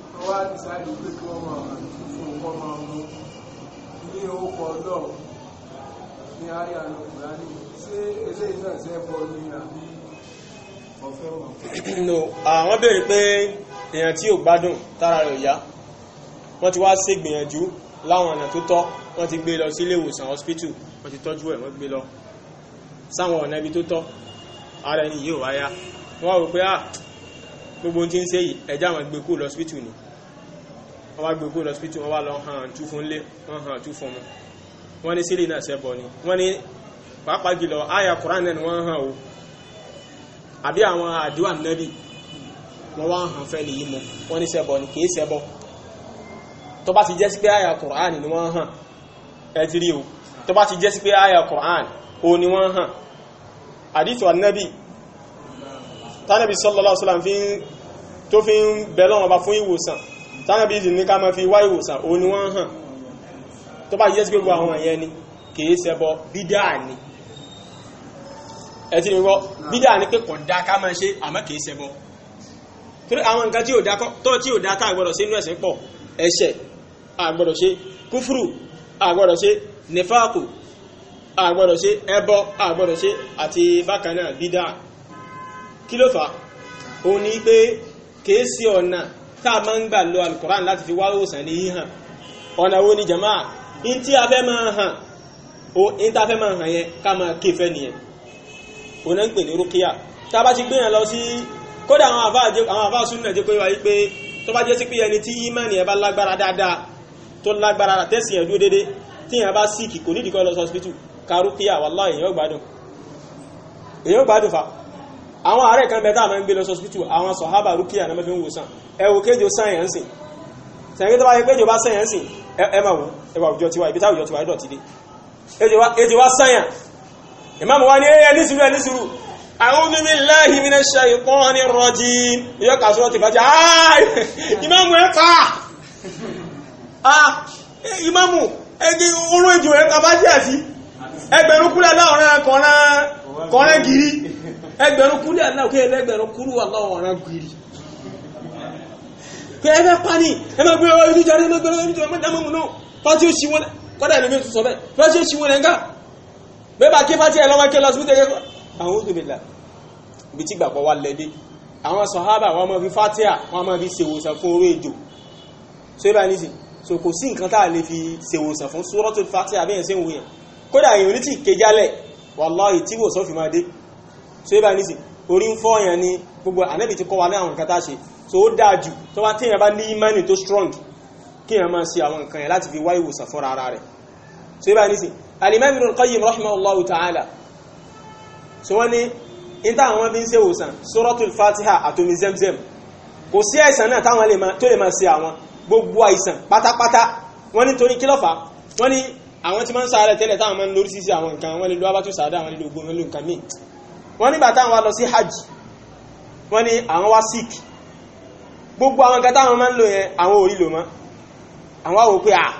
wá dìsáàdì pé kí wọ́n máa fún nǹkan máa mú ilé orúkọ ọlọ́ọ̀ ní àárí alùpùránì ṣé eléyìí náà ṣe bọ́ ní àbí ọ̀fẹ́ wọn. no àwọn béèrè pé èèyàn tí ò gbádùn tára rẹ̀ yá wọ́n ti wá ṣègbìyànjú láwọn ọ̀nà tó tọ́ wọ́n ti gbé lọ sí ilé ìwòsàn hospital wọ́n ti tọ́jú ẹ̀ wọ́n gbé lọ sáwọn ọ̀nà ibi tó tọ́ ara ẹni yìí ò wáyá wọ́n rò pé à ah, gbogbo tí ń ṣe yìí ẹ̀já àwọn gbé lọ hospital ni wọ́n wá gbogbo lọ́spítì wọ́n wá lọ hàn tú fún lé wọ́n hàn tú fún mu wọ́n ní sílẹ̀ náà ṣẹbọ ni wọ́n ní pàápàá jùlọ àyà koran náà ni wọ́n hàn o àbí àwọn àdúrà nẹ́bì wọ́n wá hàn fẹ́ lè yí mu wọ́n ní ṣẹbọ ni kìí ṣẹbọ tó bá ti jẹ́ sí pé àyà koran ni wọ́n hàn ẹ ti rí o tó bá ti jẹ́ sí pé àyà koran o ni wọ́n hàn àdìtò ànẹ́bì tánẹ́bì sallallahu alaihi tó fi ń bẹ Ọlọ́run ọba fún ìwòsàn tánàbí ìsìn ní ká máa fi wá ìwòsàn òun ni wọ́n hàn tó bá jẹ́ sí gbogbo àwọn ẹ̀yẹ ni kìí ṣẹbọ bídà ni ẹ̀tí ìwọ́ bídà ni pé kò dá ká máa ṣe àmọ́ kìí ṣẹbọ torí àwọn nǹkan tí ò dá tó tí ò dá tá àgbọ̀dọ̀ ṣe inú ẹ̀sìn pọ̀ ẹ̀ṣẹ̀ àgbọ̀dọ̀ ṣe kúfùrù àgbọ̀dọ̀ ṣe nífàkù àgbọ̀dọ̀ ṣe ẹbọ àgbọ̀dọ̀ ṣe àti bákan náà kí ló fà òun ni pé kìí sí ọ̀nà tá a máa ń gbà lo alukoran láti fi wá òsàn ní hàn ọ̀nà wo ni jama in tí a fẹ́ máa hàn o in tá a fẹ́ máa hàn yẹn ká máa ké fẹ́ nìyẹn òun náà ń pè ní rúkìá tá a bá ti gbéyàn lọ sí kódà àwọn àfáà àwọn àfáà súnú náà jẹ́ pé wáyé pé tó bá jẹ́ sí pé ẹni tí ìmánì ẹ̀ bá lágbára dáadáa tó lágbára tẹ̀sìn ẹ̀ dúró déédéé tí èèyàn bá síkì kò nídìí kó lọ sí hospital ka rúkìá wàláhì èèyàn gbádùn èèyàn gbádùn fa àwọn ààrẹ kan bẹ̀ẹ́ tààmà ń gbé lọ sọ́sìpítù àwọn sọ̀hábà rúkìá náà mẹ́fẹ́ ń wòsàn ẹwò kéjò sáyẹ̀nsìn sẹ̀yìn tó bá yẹ péjò bá sáyẹ̀nsìn ẹmà wò ẹwà òjò tiwa ibi táwùjọ tiwa ẹ̀dọ̀ ti dé èjò wá sáyẹn ìmáàmù wa ní ẹ ní sùúrù ẹ ní sùúrù a'udhu billahi minash shaytanir rajim yọ kà sọ́rọ̀ tìfà jà ìmáàmù ẹ fà á ìmáàmù ẹgbẹ́ oró ẹgbẹ̀rún kúlẹ̀ láwọn kọ̀ọ̀rẹ́ gírí ẹgbẹ̀rún kúrú aláwọ̀ kí ẹlẹ́gbẹ̀rún kúrú aláwọ̀ ọ̀rán gbìrì pé ẹgbẹ́ pani ẹgbẹ́ gbé ọwọ́ ìlú jàre lọ́gbẹ̀rún ẹgbẹ́ jọ mẹ́ta mọ́mù náà fájí ó ṣíwọ́n kọ́dà ìlú mẹ́tù sọ bẹ́ẹ̀ fájí ó ṣíwọ́n ẹ̀ńgá bẹ́ẹ̀ bá ké fájí ẹ̀ lọ́wọ́ ké lọ síbi tẹ́gẹ́ àwọn ó dòbìlà ibi tí gbàgbọ́ wa lẹ́dẹ́ àwọn sọ̀hábà wọn máa fi fátíà wọn máa fi ṣèwòsàn fún oró èjò so kò sí nǹkan tá lè fi ṣèwòsàn fún súrọ́tò fátíà bẹ́ẹ̀ ṣe ń kódà èèyàn ní tí kéjálẹ̀ tí wòsàn fi máa dé so ẹ bá ní sí orí ń fọ́ọ̀yàn ni gbogbo ànábì ti kọ́ wa ní àwọn nǹkan tá a ṣe so ó dáa jù tó wá téèyàn bá ní ìmánì tó strong kí èèyàn máa ṣe àwọn nǹkan yẹn láti fi wá ìwòsàn fúnra ara rẹ̀ so ẹ bá ní sí alimami Ibn Qayyim rahimahullahu ta'ala so wọ́n ní in tá àwọn bí ń ṣe ìwòsàn suratul fatiha àtomi zemzem kò sí àìsàn náà táwọn tó lè máa ṣe àwọn gbogbo àìsàn pátápátá wọ́n ní torí kílọ̀fà wọ́n ní àwọn tí máa ń sáré tẹ́lẹ̀ táwọn máa ń lórí sísí àwọn nǹkan wọ́n lè lo abátúsàdá àwọn lè lo gbogbo nǹkan míì wọ́n nígbà táwọn wá lọ sí hajj wọ́n ní àwọn wá sikh gbogbo àwọn gata táwọn máa ń lò yẹn àwọn ò rí lò mọ́ àwọn àwò pé à ah,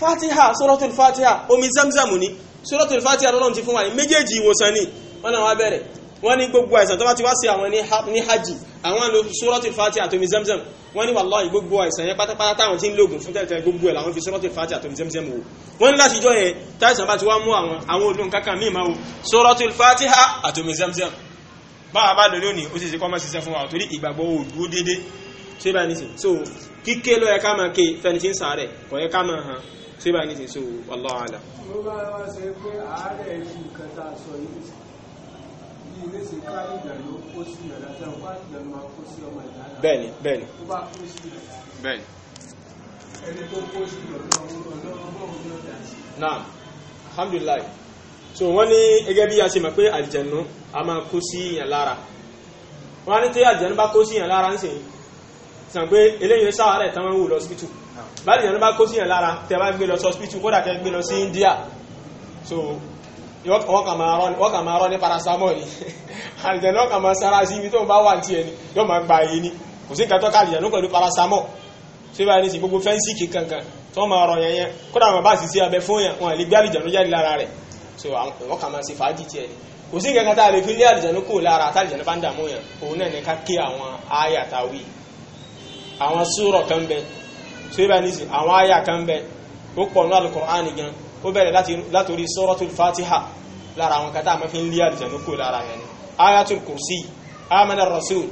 fatiha suratul fatiha omi zamzam ni suratul fatiha lọ́lọ́run ti fún wa ní méjèèjì ìwòsàn ní wọ́n náà wá bẹ̀rẹ̀ wọ́n ní gbogbo àìsàn tó bá ti wá sí àwọn ní hajj àwọn lo suratul fatiha àtomi zemzem wọ́n ní wallahi gbogbo àìsàn yẹn pátápátá táwọn tí ń lògùn fún tẹ́lẹ̀tẹ́lẹ̀ gbogbo ẹ̀ làwọn fi suratul fatiha àtomi zemzem wò wọ́n ní láti jọ yẹn táìsàn bá ti wá mú àwọn àwọn olóhùn kankan míì máa wò suratul fatiha àtomi zemzem báwa bá lórí òní ó sì ṣe kọ́ ṣiṣẹ́ fún wa torí ìgbàgbọ́ òdúró déédéé ṣé bá ní sìn so kíké ló yẹ ká máa ké fẹni tí ń sàárẹ̀ kò yẹ ká máa hàn ṣé bá ní sìn so wallahu alam. mo bá wá ṣe pé àárẹ̀ ìṣù kẹta sọ yìí bẹ́ẹ̀ni bẹ́ẹ̀ni bẹ́ẹ̀ni naam alhamdulillah so wọ́n ní gẹ́gẹ́ bí a ṣe mọ̀ pé àlìjẹ̀nú a máa kó sí yàn lára wọ́n ní tí àlìjẹ̀nú bá kó sí yàn lára ń sìn sàn pé eléyìn sáwárẹ̀ tán wọ́n wù lọ hospital bá àlìjẹ̀nú bá kó sí yàn lára tẹ́ bá gbé lọ hospital kódà kẹ́ gbé lọ sí India so wọ́n kà máa rọ́ ní paracetamol ni àlìjẹ̀nú wọ́n kà máa sára sí ibi tó ń bá wà tí ẹni yóò máa gba èyí ni kò sí nǹkan tó ká àlìjẹ̀nú pẹ̀lú paracetamol tí ó bá ní sí gbogbo fẹ́ǹsì kì kankan tó máa rọ yẹn yẹn kódà wọn bá sì sí abẹ fún yẹn wọn lè gbé àlìjẹ̀nú jáde lára rẹ̀ so wọ́n kà máa ṣe fàájì tí ẹni kò sí nǹkan tá a lè fi lé àlìjẹ̀nú kò lára àtàlìjẹ̀nú bá ń dààmú yẹn òun náà ní ká ó bẹ̀rẹ̀ látorí suratul fatiha lára àwọn kata àmọ́ fi ń lé àlùjànnú kò lára yẹn ni ayatul kursi amana rasul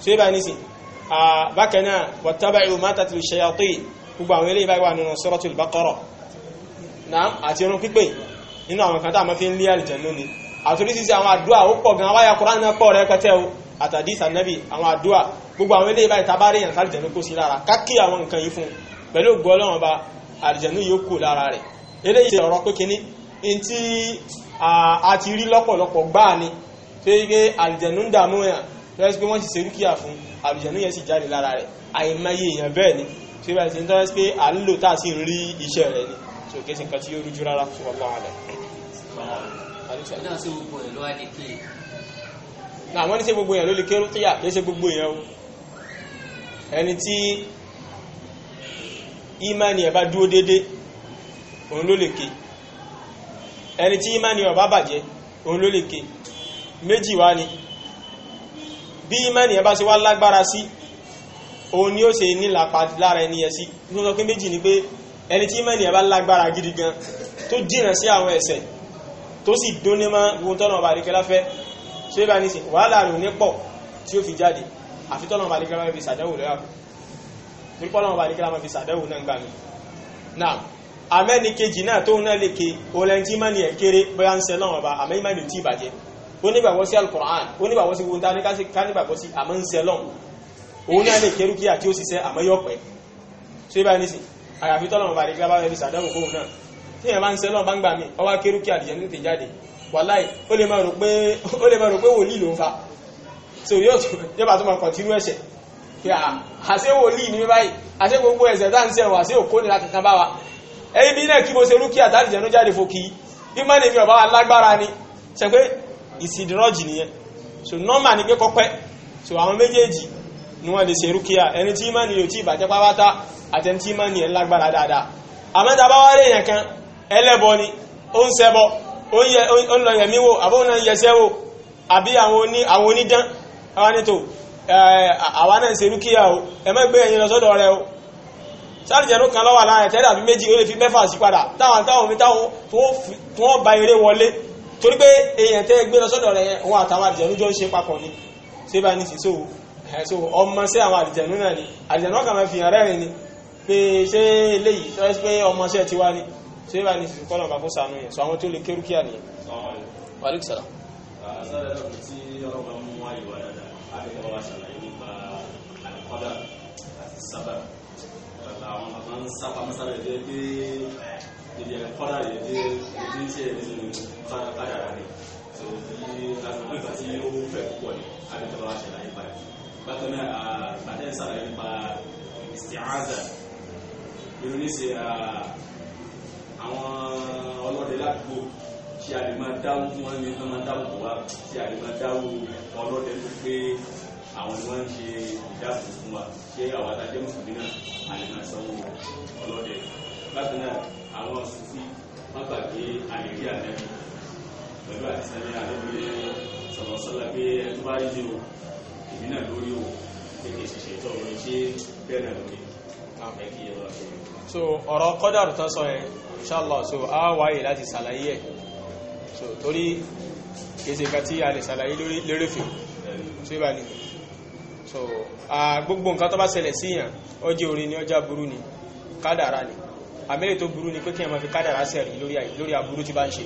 so yíba ní sí bákan náà wattaba'u ma tatlu shayatin gbogbo àwọn eléyìí báyìí wà nínú suratul baqara náà àti irun pípé nínú àwọn kata àmọ́ fi ń lé àlùjànnú ni àtúrí sísẹ àwọn àdúà ó pọ̀ gan awáyà kúrán náà pọ̀ rẹ pẹ́tẹ́ o àtàdí sànẹ́bì àwọn àdúà gbogbo àwọn eléyìí báyìí tabárí yàn sáré jẹ̀nú kó sí lára kákí àwọn nǹkan yìí fún pẹ̀lú ògbọ́ ọlọ́run ọba àlùjànnú yóò kó lára rẹ̀ eléyìí ọ̀rọ̀ pé kíní in tí a ti rí lọ́pọ̀lọpọ̀ gbáà ni tó yí pé àlùjẹ̀nú ń dààmú ẹ̀ lọ́wọ́ pé wọ́n sì ṣe rúkìá fún àlùjẹ̀nú yẹn sì jáde lára rẹ̀ àìmọye èèyàn bẹ́ẹ̀ ni tó yí bá ti ń tọ́wọ́ pé à ń lò tá a sì ń rí iṣẹ́ rẹ̀ ni tó kí sí nǹkan tí ó rújú rárá fún ọlọ́ àlẹ́. náà ní ṣe gbogbo èèyàn ló lè ké rúkìá kì í gbogbo èèyàn o ẹni tí ìmánì bá dúró déédéé òun ló lè ké ẹni tí ìmánì ọba bàjẹ́ òun ló lè ké méjì wá ni bí ìmánì ẹ bá ṣe wá lágbára sí òun ni ó ṣe nílapa lára ẹni ẹ sí ló sọ pé méjì ni pé ẹni tí ìmánì ẹ bá lágbára gidi gan tó jìnà sí àwọn ẹ̀ṣẹ̀ tó sì dóní mọ́ ohun tọ́nà ọba àdékẹ́lá fẹ́ ṣé bá ní sìn wàhálà rẹ̀ ò pọ̀ tí ó fi jáde àfi tọ́nà ọba àdékẹ́lá fi ṣàdẹ́wò lọ́yà torí pọ́nà ọba àdékẹ́lá fi ṣàdẹ́wò náà gbà mí náà àmẹ́ni kejì náà tó náà lè ke olẹ́ntí mọ́ni ẹ̀ kéré bóyá ń sẹ lọ́wọ́ bá àmẹ́ ìmọ̀ni tí ìbàjẹ́ onígbàgbọ́ sí alukur'an onígbàgbọ́ sí wọ́ntá nígbàgbọ́ sí àmọ́ ń sẹ lọ́wọ́ òun náà lè kérú kí àti ó sì sẹ àmọ́ yọ pẹ́ ṣé báyìí nísì àyàfi tọ́lọ́wọ́ bá rí gbá bá fẹ́ fi sàdánwò fóun náà tí ẹ̀ bá ń sẹ lọ́wọ́ bá ń gbà mí ọwá kérú kí àdìyẹ so yóò bá tó máa kọ̀tínú ẹ̀ṣẹ̀ àṣẹ wòlíì ní báyìí àṣẹ gbogbo ẹ̀ṣẹ̀ tá à ń sẹ̀wọ̀ àṣẹ òkó nira kankan ẹ̀yìn bí náà kí mo ṣe rúkìá tàbí jẹ̀nú jáde fòkì bí mọ́ ni mi ọ̀bá alágbára ni ṣe pé ìsìdìrọ́jì nìyẹn so nọ́mà ni pé kọ́pẹ́ so àwọn méjèèjì ni wọ́n lè ṣe rúkìá ẹni tí mọ́ ni yóò tí ìbàjẹ́ pátá àti ẹni tí mọ́ ni ẹ̀ dáadáa àmẹ́ta bá wá lè kan ẹlẹ́bọ ni ó ń ṣẹbọ ó ń lọ àbó ń lọ sáàlìjẹ̀nú kan lọ́wà láàrin tẹ́lẹ̀ àbí méjì ó lè fi mẹ́fà sí padà táwọn táwọn mi táwọn tó wọ́n ba eré wọlé torí pé èèyàn tẹ́ gbé lọ sọ́dọ̀ rẹ̀ wọn àtàwọn àlìjẹ̀nú jọ ń ṣe papọ̀ ni ṣé bá ní sísò ẹ̀ṣọ́ ọmọ sí àwọn àlìjẹ̀nú náà ni àlìjẹ̀nú ọkàn máa fi hàn rẹ́rìn ni pé ṣé eléyìí sọ pé ọmọ sí ẹ̀ ti wá ni ṣé bá ní sísò kọ́nà bàbá sànú yẹn sọ àwọn tó lè kérú kíá nìyẹn. wàlúùsàlà. àṣà ń sápa mọ́sára ìdí ẹgbẹ́ ìdí ẹ̀kọ́dà ìdí ìdí iṣẹ́ nínú kádàrà ni tó bí àtúntò ìgbà tí ó fẹ́ púpọ̀ ni àbẹ̀tọ́ba wa ṣẹlẹ̀ nípa ẹ̀ bákan náà àgbàdẹ́ ń sára nípa ìsìnàzà irú ní ṣe àwọn ọlọ́dẹ ládùúgbò ṣe àlè máa àwọn ni wọ́n ń ṣe ìdáàbò fún wa ṣé àwọn adájọ́ mùsùlùmí náà àlè máa sanwó ọlọ́dẹ bákan náà àwọn ọ̀sùnfí wọ́n gbà pé àlè rí àlẹ́bí pẹ̀lú àtisẹ́lẹ̀ àlẹ́bí sọ̀rọ̀sọ́lá pé ẹni bá rí o èmi náà lórí o kéèké ṣiṣẹ́ ìtọ́ orin ṣé bẹ́ẹ̀ náà lókè káfẹ́ kí ẹ lọ ṣe. so ọ̀rọ̀ kọ́dàrú tán sọ yẹn inshallah so a wáyé láti ṣàlàyé ẹ̀ so torí kèsè kan tí a lè ṣàlàyé lérèfè so ìbá nìyẹn so gbogbo nǹkan tó bá ṣẹlẹ̀ síyàn ọjọ́ orí ni ọjọ́ burú ni kádàrá ni àmẹ́lẹ̀ tó burú ni pé kí ẹ má fi kádàrá sẹ̀rí lórí aburú tí bá ń ṣe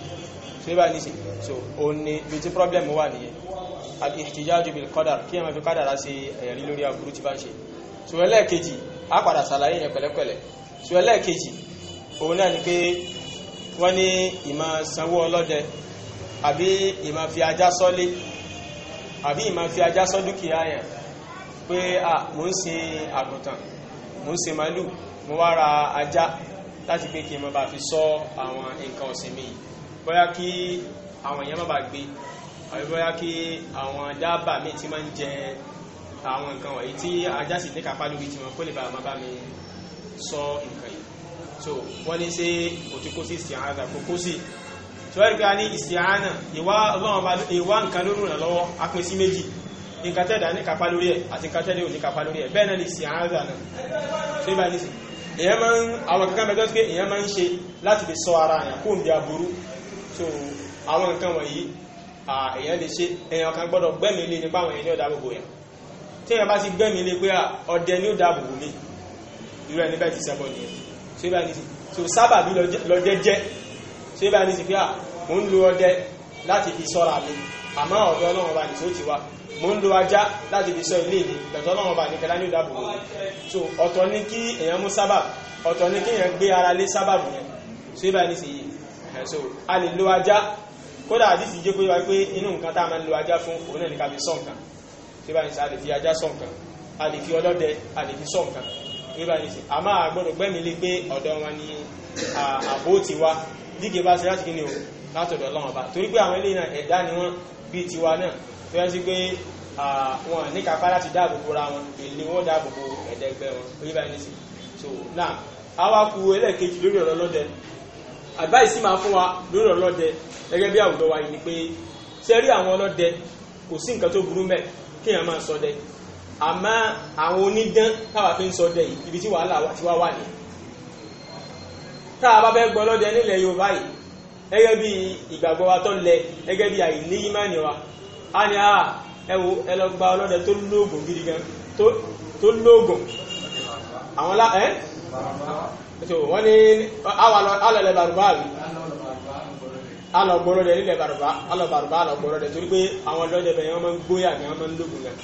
so ibá ní sí so o ní bí tí problem wà nìyẹn al-ihtijaju bil qadar kí ẹ má fi kádàrá sí ẹ̀rí lórí aburú tí bá ń ṣe so ẹlẹ́ẹ̀kejì a padà sàlàyé yẹn pẹ̀lẹ́pẹ̀lẹ́ so ẹlẹ́ẹ̀kejì òun náà ni pé wọ́n ní ìmọ̀ sanwó ọlọ́dẹ àbí ìmọ̀ fi ajá sọ́lé àbí ìmọ̀ fi ajá sọ́ dúkìá yẹn pé à mò ń sin àgùntàn mò ń sin màálù mo wá ra ajá láti pé kí n má bàa fi ṣọ́ àwọn nǹkan ọ̀sìn mi bóyá kí àwọn èèyàn má bàa gbé àbí bóyá kí àwọn dábà mi ti máa ń jẹ àwọn nǹkan wọ̀nyí tí ajá sì ní kápá lórí tiwọn kó lè bá má bá mi ṣọ́ nǹkan yìí so wọ́n ní ṣe òtíkósí ìsìnàdà kòkósí tí wọ́n rí pé a ní ìsìnàdà ìwá nǹkan lórúnà lọ́wọ́ apin sí méjì nǹkan tẹ́ẹ̀dá ní kapa lórí ẹ̀ àti nǹkan tẹ́ẹ̀dá ò ní kapa lórí ẹ̀ bẹ́ẹ̀ náà lè sì àárá náà ṣé bá ní sí èyàn máa ń àwọn kankan mẹ́jọ́ pé èyàn máa ń ṣe láti lè sọ ara àyàn kó ń bí aburú so àwọn nǹkan wọ̀nyí èyàn lè ṣe èyàn kan gbọ́dọ̀ gbẹ́mí lé nípa àwọn èyàn ní ọ̀dà gbogbo yẹn tí èyàn bá ti gbẹ́mí lé pé ọdẹ ní ọ̀dà gbogbo mi irú ẹni bẹ́ẹ̀ ti sẹ́bọ nìyẹn ṣé bá ní sí so sábà bí lọ jẹ́jẹ́ ṣé bá ní sí pé à mò ń lo ọdẹ láti fi sọ́ra mi àmọ́ ọ̀dọ̀ ọlọ́run ọba nìtí ó ti wá mo ń lo ajá láti fi sọ ilé mi pẹ̀tọ́ ọlọ́run ọba nìkan láni ìdáàbò wò so ọ̀tọ̀ ni kí èèyàn mú sábà ọ̀tọ̀ ni kí èèyàn gbé ara lé sábà bù yẹn so ibà ní sì so a lè lo ajá kódà àdìsí jẹ́ pé wá pé inú nǹkan tá a máa ń lo ajá fún òun náà ní ká fi sọ nǹkan so ibà ní sì a lè fi ajá sọ nǹkan a lè fi ọlọ́dẹ a lè fi sọ nǹkan so ibà ní sì àmọ́ àgbọ̀dọ̀ gbẹ́mi lé ni àbó dígé bá ṣe láti kí ni o látọ̀dọ̀ ọlọ́run ọba torí pé àwọn eléyìí náà ẹ̀dá ni wọ́n bí tiwa náà tó yẹ sí pé wọn ní kápá láti dáàbò bora wọn èlé wọn dáàbò bo ẹ̀ẹ́dẹ́gbẹ́ wọn oyè báyìí ní sí so now awakù ẹlẹ́ẹ̀kejì lórí ọ̀rọ̀ lọ́dẹ advice máa fún wa lórí ọ̀rọ̀ lọ́dẹ gẹ́gẹ́ bí àwùjọ wa yìí ni pé ṣe rí àwọn ọlọ́dẹ kò sí nǹkan tó burú mẹ́ kéèyàn máa ṣọdẹ àmọ́ àwọn onídán táwa fi ń ṣọdẹ yìí ibi tí wàhálà wa ti wá wà ní tá a bá fẹ́ gbọ́ lọ́dẹ nílẹ̀ Yorùbá yìí gẹ́gẹ́ bí ìgbàgbọ́ wa tó lẹ gẹ́gẹ́ bí àìní ìmáàni wa a ní à ah, ẹwọ ẹlọgba ọlọ́dẹ tó lóògùn gidi gan tó lóògùn àwọn lá ẹ́ tó wọ́n ní alọ̀lẹ̀ bàrùbá rí alọ̀gbọ́rọ̀ rẹ̀ nílẹ̀ bàrùbá alọ̀bàrùbá alọ̀gbọ́rọ̀ rẹ̀ torí pé àwọn ọlọ́dẹ bẹ̀rẹ̀ wọ́n máa ń gbóyà gan wọ́n máa ń lóògùn gan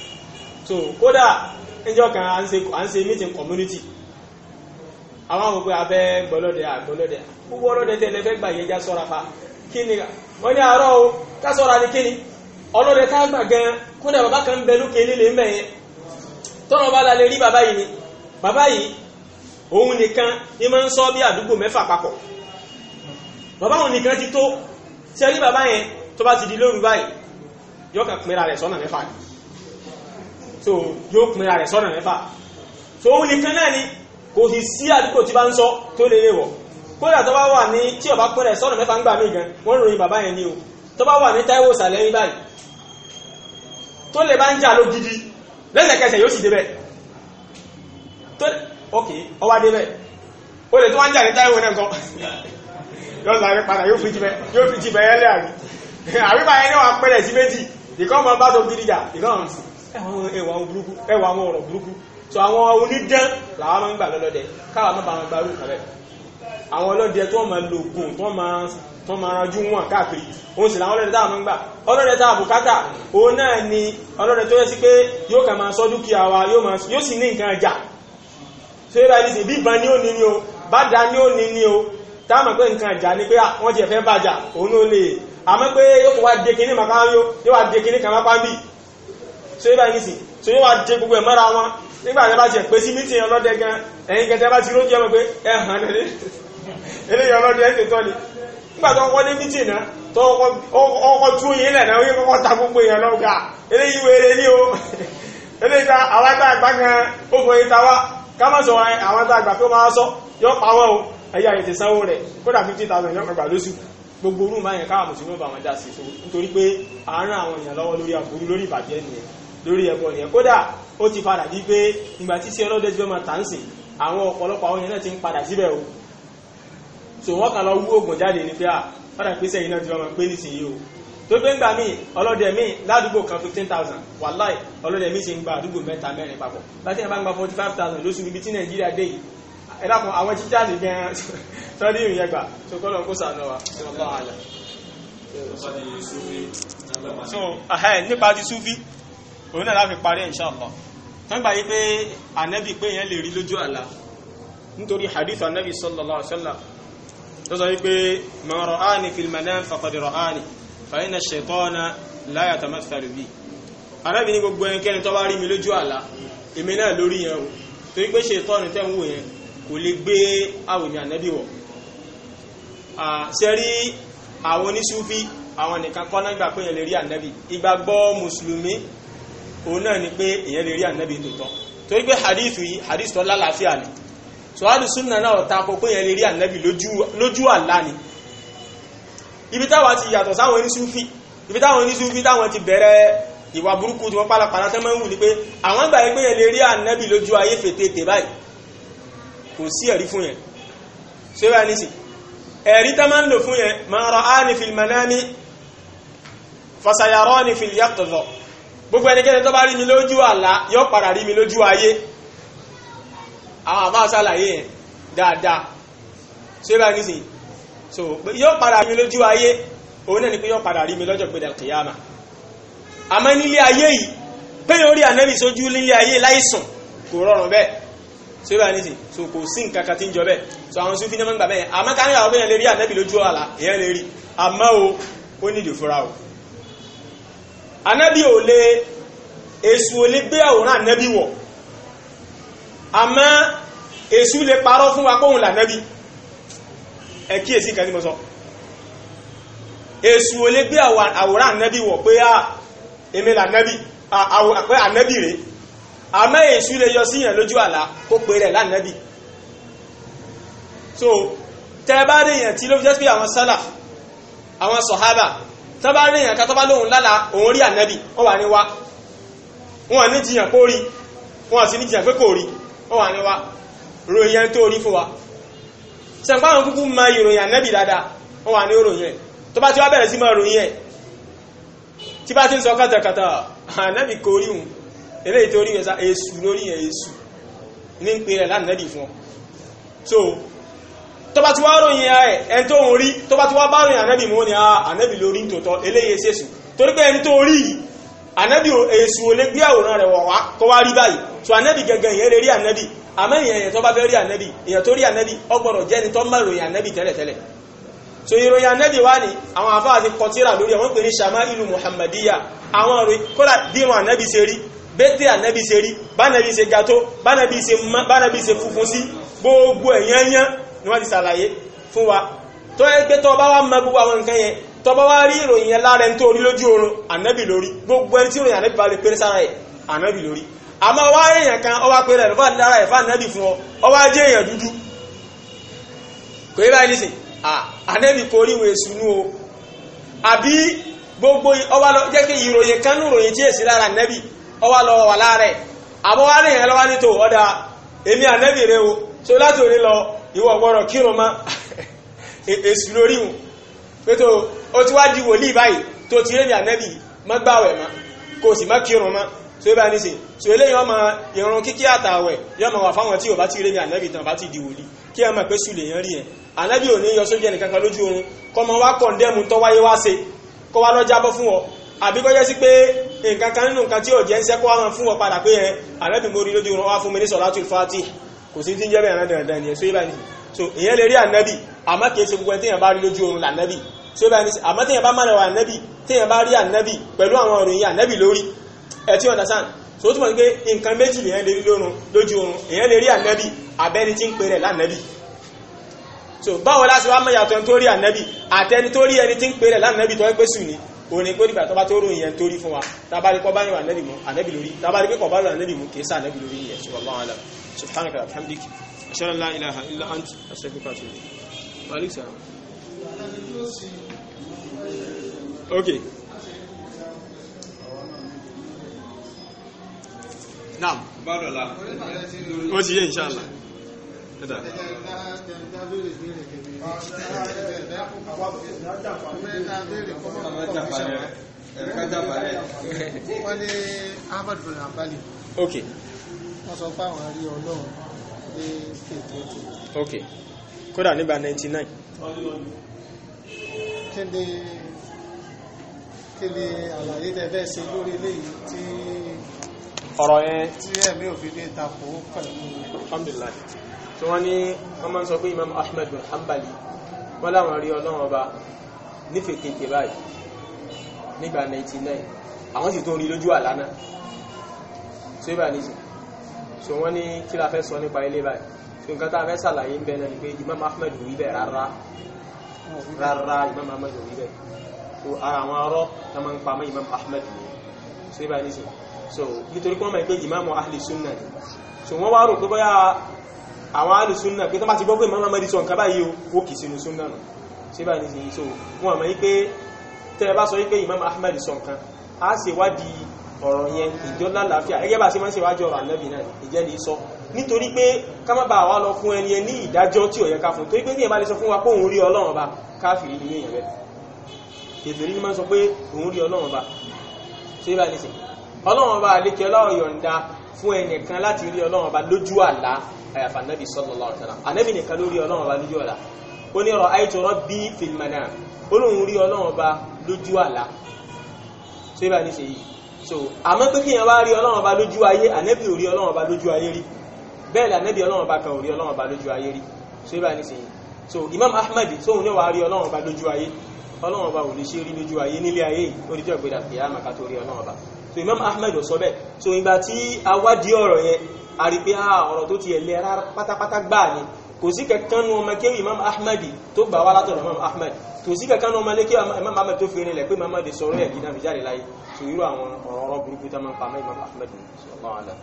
so kódà níjọ́ kan à ń ṣe meeting community àwọn àwọn pé abẹ́ gbọ́lọ́dẹ àgbọ́lọ́dẹ gbogbo ọlọ́dẹ tẹ́lẹ̀ fẹ́ gbà yẹn já sọ́ra pa kí ni wọ́n ní àárọ̀ o ká sọ́ra ní kí ni ọlọ́dẹ tá gbà gan kódà bàbá kan bẹ lókè líle ń bẹ̀ yẹn tọ́nà bá la lè rí bàbá yìí ni bàbá yìí òun nìkan ni máa ń sọ bí àdúgbò mẹ́fà papọ̀ bàbá òun nìkan ti tó ṣe rí bàbá yẹn tó bá ti di lóru báyìí yóò kàn pinra rẹ̀ sọ́nà mẹ́fà so yóò pinra rẹ̀ sọ́nà mẹ́fà so òun nìkan náà ni kò sì sí àdúgbò tí bá ń sọ tó lè wọ̀ kódà tó bá wà ní tí ọba pẹ́rẹ́ sọ́nà mẹ́ta ń gbà mí gan wọ́n ròyìn bàbá yẹn ni o tó bá wà ní Táíwò sàlẹ́yìn báyìí tó lè bá ń jà ló gidi lẹ́sẹ̀kẹsẹ̀ yóò sì débẹ̀ tó ok ọwá o lè tó wá ń jà ní náà yóò padà yóò fi yóò fi yẹn yẹn ni sí méjì ìkọ́ ọmọ bá tó gidi jà ìkọ́ ọmọ so àwọn onídán làwọn máa ń gbà lọ́lọ́dẹ káwa máa bá wọn gbà rúkà rẹ̀ àwọn ọlọ́dẹ tó máa lo oògùn tó máa ranjú wọn káàkiri òun sì làwọn ọlọ́dẹ táà máa ń gbà ọlọ́dẹ táà bùkátà òun náà ni ọlọ́dẹ tó yẹ sí pé yóò kà máa sọ dúkìá wa yóò sì ní nǹkan ẹja tó yẹ báyìí sí bí ìbọn ni ó ní ni o bá ni ó ní ni o táàmà pé nǹkan ẹja ni pé wọ́n jẹ́ fẹ́ bàjá òun ló lè àmọ́ pé yóò wá dé kinní màkà yóò wá dé kinní kàmápá bì tó yẹ báyìí sí tó yóò wá dé gbogbo ẹ̀ mọ́ra wọn nígbà a bá ti pè sí mítì ọlọ́dẹ gan bá ti rójú ọmọ pé ẹ̀hàn nílé eléyìí ọlọ́dẹ ẹ̀sìn tọ́ ni nígbà tó kọ́ ní mítì náà tó ọkọ̀ tú yín lẹ̀ eléyìí ní o eléyìí ta àwọn tá àgbà gan sọ àwọn tá àgbà pé ó máa sọ yọ pa wọn o ẹ̀yà ètè sanwó rẹ̀ kódà fifty thousand yọ gbàgbà lóṣù gbogbo orú máa yẹn káwà mùsùlùmí ọba àwọn dá sí so nítorí pé àárín lórí ẹbọ nìyẹn kódà ó ti padà di pé ìgbà tí sí ọlọ́dẹ ti fẹ́ máa tà ń sìn àwọn ọ̀pọ̀lọpọ̀ àwọn yẹn ti ń padà síbẹ̀ o so wọ́n kàn lọ wú oògùn jáde ní pé à padà pèsè yìí náà ti fẹ́ máa pé nísìnyí o tó gbé ń gbà míì ọlọ́dẹ míì ládùúgbò kan fifteen thousand wàláì ọlọ́dẹ míì ṣe ń gba àdúgbò mẹ́ta mẹ́rin papọ̀ láti ẹ̀ bá ń gba forty five thousand lóṣù bíbí tí nàìjíríà dé yìí òun náà láfi parí insha Allah tán gbà yí pé ànábì pé èèyàn lè rí lójú àlá nítorí hadith ànábì sallallahu alaihi wasallam tó sọ wípé man ra'ani fil manam faqad ra'ani fa inna ash-shaytana la yatamathalu bi ànábì ní gbogbo ẹnikẹ́ni tó bá rí mi lójú àlá èmi náà lórí yẹn o torí pé ṣètọ́nù tẹ́ ń wò yẹn kò lè gbé àwòmí ànábì wọ̀ ṣẹ́rí àwọn oníṣúfí àwọn nìkan kọ́ náà gbà pé yẹn lè rí ànábì ìgbàgbọ́ mùsùlùmí òun náà ni pé èyàn lè rí ànábì tòótọ́ torí pé hadith yìí hadith tó lálàáfíà ni so alùsùn náà náà ta kó pé èyàn lè rí ànábì lójú àlá ni ibi táwa ti yàtọ̀ sáwọn oníṣúfì ibi táwọn oníṣúfì táwọn ti bẹ̀rẹ̀ ìwà burúkú tí wọ́n pálapàla tẹ́ mọ́ ń wù ni pé àwọn gbà pé èyàn lè rí ànábì lójú ayé fètè báyìí kò sí ẹ̀rí fún yẹn ṣé wà ní sí ẹ̀rí tẹ́ máa ń lò fún yẹn man ra'ani fil manami fasayarani fil yaqdha gbogbo ẹnikẹ́ni tó bá rí mi lójú àlá yóò padà rí mi lójú ayé àwọn àbá ṣàlàyé yẹn dáadáa ṣé báyìí nìsín so yóò padà rí mi lójú ayé òun náà ni pé yóò padà rí mi lọ́jọ́ gbẹdẹ kìyàmà àmọ́ nílé ayé yìí pé yóò rí ànábì sójú nílé ayé láìsùn kò rọrùn bẹ́ẹ̀ ṣé báyìí nìsín so kò sí nǹkan kan tí ń jọ bẹ́ẹ̀ so àwọn sùn fi ní mọ́ngbà bẹ́ẹ̀ àmọ́ káníyàwó bẹ́ẹ̀ lè rí ànábì lójú àlá èèyàn lè rí àmọ́ o ó nílò fúra o anábì ò lè èṣù ò lè gbé àwòrán anábì wọ̀ àmọ́ èṣù lè parọ́ fún wa kóhun lànábì ẹ kíyèsí nǹkan tí mo sọ èṣù ò lè gbé àwòrán anábì wọ̀ pé à ah, èmi lànábì pé anábì rèé àmọ́ èṣù lè yọ síyàn lójú àlá kó pe rẹ̀ lánàbì so tẹ́ bá rí èèyàn tí ló fi jẹ́ pé àwọn sálà àwọn sọ̀hábà tán bá rí èèyàn kan tó bá lóhun lálàá òun rí ànábì wọ́n wà ní wá wọ́n ní jiyàn pé ó rí wọ́n sì ní jiyàn pé kò rí wọ́n wà ní wá ròyìn ẹni tó rí fún wa sẹ̀ǹpá àwọn kúkú ma ìròyìn ànábì dáadáa wọ́n wà ní ròyìn tó bá ti wá bẹ̀rẹ̀ sí máa ròyìn ẹ̀ tí bá ti ń sọ kàtàkàtà ànábì kò rí hùn eléyìí tó rí èsù lórí ẹ̀ èsù ní ń pè so tó bá ti wá ròyìn ẹ̀ ẹni tó ń rí tó bá ti wá bá ròyìn ànábì mú ní ah, ànábì lórí ń tòótọ́ eléyìí ṣèṣù torí pé ẹni tó rí yìí ànábì èṣù gbé àwòrán rẹ̀ wọ̀ kó wá rí báyìí so ànábì gẹ́gẹ́ ìyẹn lè rí ànábì àmọ́ ìyẹn èèyàn tó bá fẹ́ rí so ìròyìn ànábì wá ní àwọn àfáà ti kọtíra lórí àwọn pèrè sàmá ìlú muhammadiya àwọn ọ̀rẹ́ kódà bí wọn ànábì ṣe rí bẹ́tẹ̀ ànábì ṣe rí bánábì ṣe ga tó bánábì funfun sí gbogbo ẹ̀yán ni wọ́n ti fún wa tó yẹ pé tọba wa mọ gbogbo àwọn nǹkan yẹn tọba wa rí ìròyìn yẹn lára ẹni tó rí gbogbo ẹni tí ìròyìn ànábì bá lè péré sára ẹ ànábì lórí àmọ́ èèyàn kan ọwá péré rẹ̀ fún ẹ̀ fún fún ọ ọwá jẹ́ èèyàn dúdú kò yẹ báyìí nísìn kò rí o àbí gbogbo ọwá lọ jẹ́ pé ìròyìn kan ní ìròyìn tí lára ọwá lọ wà lára àmọ́ wá lọ́wọ́ ní tò ọ̀dà èmi rẹ o so láti òní lọ ìwọ ọgbọ́rọ̀ kírun ma e-, èsù lórí wọn pẹ́tò ó ti wá di wòlíì báyìí tó ti rẹ́ ní ànẹ́bì má gbàwẹ̀ ma kò sì má kírun ma so ẹ bá ní sè so eléyìí ọmọ ìrun kíkí àtàwẹ̀ yọ ma wà fáwọn tí ò bá ti rẹ́ ní ànẹ́bì tán bá ti di wòlíì kí ẹ mọ̀ pé sùn lèèyàn rí yẹn ànẹ́bì ò ní yọ sójú ẹnì kankan lójú oorun kọ́ mọ wá kọ̀ndẹ́mù tó wáyé wá se kọ́ wá lọ́jà bọ́ fún ọ àbí kọ́ jẹ́ sí pé nǹkan kan nínú nǹkan tí ò jẹ́ ń sẹ́kọ́ wá fún ọ padà pé ẹ ànẹ́bì mo lójú oorun wá fún mi ní sọ̀látùl fátì kò sí tí ń jẹ́ bẹ̀rẹ̀ rán dandan ni ẹ̀sọ́ ìbáyìí so ìyẹn lè rí ànábì àmọ́ kìí ṣe gbogbo ẹni téèyàn bá rí lójú oorun lànábì so ìbáyìí àmọ́ téèyàn bá má lọ ànábì téèyàn bá rí ànábì pẹ̀lú àwọn ìròyìn ànábì lórí ẹ ti so ó túmọ̀ sí pé nǹkan méjì lèyàn lè rí lójú oorun èyàn lè rí ànábì àbẹ́ni tí ń pè rẹ̀ lànábì so báwo láti wá mọ̀ yàtọ̀ tó rí ànábì àtẹni tó rí ẹni tí ń pè rẹ̀ lànábì tó pẹ́ sùn ni òní pé nígbà tó bá tó ròyìn yẹn torí fún wa tábàrí kọ́ bá yàn ànábì mú ànábì lórí tábàrí pé kọ́ bá yàn ànábì mú kìí sá ànábì lórí yẹn ṣùgbọ́n báwọn àlọ́ subhanaka alhamdik ashhadu an la ilaha illa ant astaghfiruka wa atubu wa alaykum salam okay naam balola o ti yé inshallah ẹ̀dà ok wọ́n sọ pé àwọn rí ọlọ́run pé kéde ọtí. ok kódà nígbà 99. kéde kéde àlàyé tẹ bẹ́ẹ̀ ṣe lórí eléyìí tí ọ̀rọ̀ yẹn tí ẹ̀mí ò fi lè takò pẹ̀lú alhamdulillah tí wọ́n ní wọ́n máa ń sọ pé imam ahmed bin hanbali wọ́n láwọn rí ọlọ́run ọba nífẹ̀ẹ́ kéèkéè báyìí nígbà 99 àwọn sì tó ń rí lójú àlá náà tí ó bá ní sí so wọ́n ní kí la fẹ́ sọ nípa ilé báyìí so nǹkan tá a fẹ́ sàlàyé ń bẹ náà ni pé Imam Ahmed ò rí bẹ́ẹ̀ rárá rárá Imam Ahmed ò rí bẹ́ẹ̀ so ara àwọn arọ́ tá máa ń pa mọ́ Imam Ahmed ni so ibà ní sìn so nítorí pé wọ́n mọ̀ pé Imam ahli sunna ni so wọ́n wá rò pé bóyá àwọn ahli sunna pé tó bá ti gbọ́ pé Imam Ahmed sọ nǹkan báyìí ó kì sínú sunna nù so ibà ní sìn so wọ́n mọ̀ pé tẹ́ ẹ bá sọ pé Imam Ahmed sọ nǹkan á ṣèwádìí ọ̀rọ̀ yẹn ìjọ lálàáfíà ẹgẹ́ bá ṣe máa ń ṣèwájú ọ̀rọ̀ ànábì náà ìjẹ́ lè sọ nítorí pé ká má bàa wá lọ fún ẹni ẹni ìdájọ́ tí ò yẹ ká fún torí pé ní ìbá lè sọ fún wa pé òun rí ọlọ́run ọba káfìrí ní èèyàn rẹ̀ kèfèrí ni máa ń sọ pé òun rí ọlọ́run ọba ṣé bá ní sè ọlọ́run ọba àlékẹ́ ọlọ́run yọ̀ǹda fún ẹnìkan láti rí ọlọ́run ọba lójú àlá àyàfà ànábì sallallahu alaihi wasallam ànábì nìkan ló rí ọlọ́run ọba lójú àlá ó ní ọ̀rọ̀ àìtò rabbi fil manam ó lóun rí ọlọ́run ọba lójú àlá ṣé bá ní sè yìí so àmọ́ pé kíyàn wá rí ọlọ́run ọba lójú ayé ànẹ́bì ò rí ọlọ́run ọba lójú ayé rí bẹ́ẹ̀ ni ànẹ́bì ọlọ́run ọba kan ò rí ọlọ́run ọba lójú ayé rí so ibà ní sèyí so Imam Ahmad tóun ní wàá rí ọlọ́run ọba lójú ayé ọlọ́run ọba ò lè ṣe rí lójú ayé nílé ayé oníjọ́ ìgbéra kìá màkà tó rí ọlọ́run ọba so Imam Ahmad sọ bẹ́ẹ̀ so ìgbà tí awádìí ọ̀rọ̀ yẹn a rí pé ah, ọ̀rọ̀ tó ti ẹ̀ lẹ́ pátápátá gbáà ni kò sí kankan nu ọmọ kéwì imam ahmadi tó gbà wá látọ̀rọ̀ imam ahmadi kò sí kankan nu ọmọ lékè imam ahmadi tó fèrè lẹ̀ pé imam ahmadi sọ̀rọ̀ ẹ̀ gídá fi jáde láyé tó irú àwọn ọ̀rọ̀ burúkú tó máa ń imam ahmadi sallallahu alaihi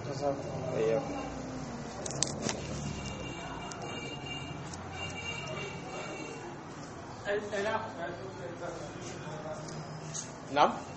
wasallam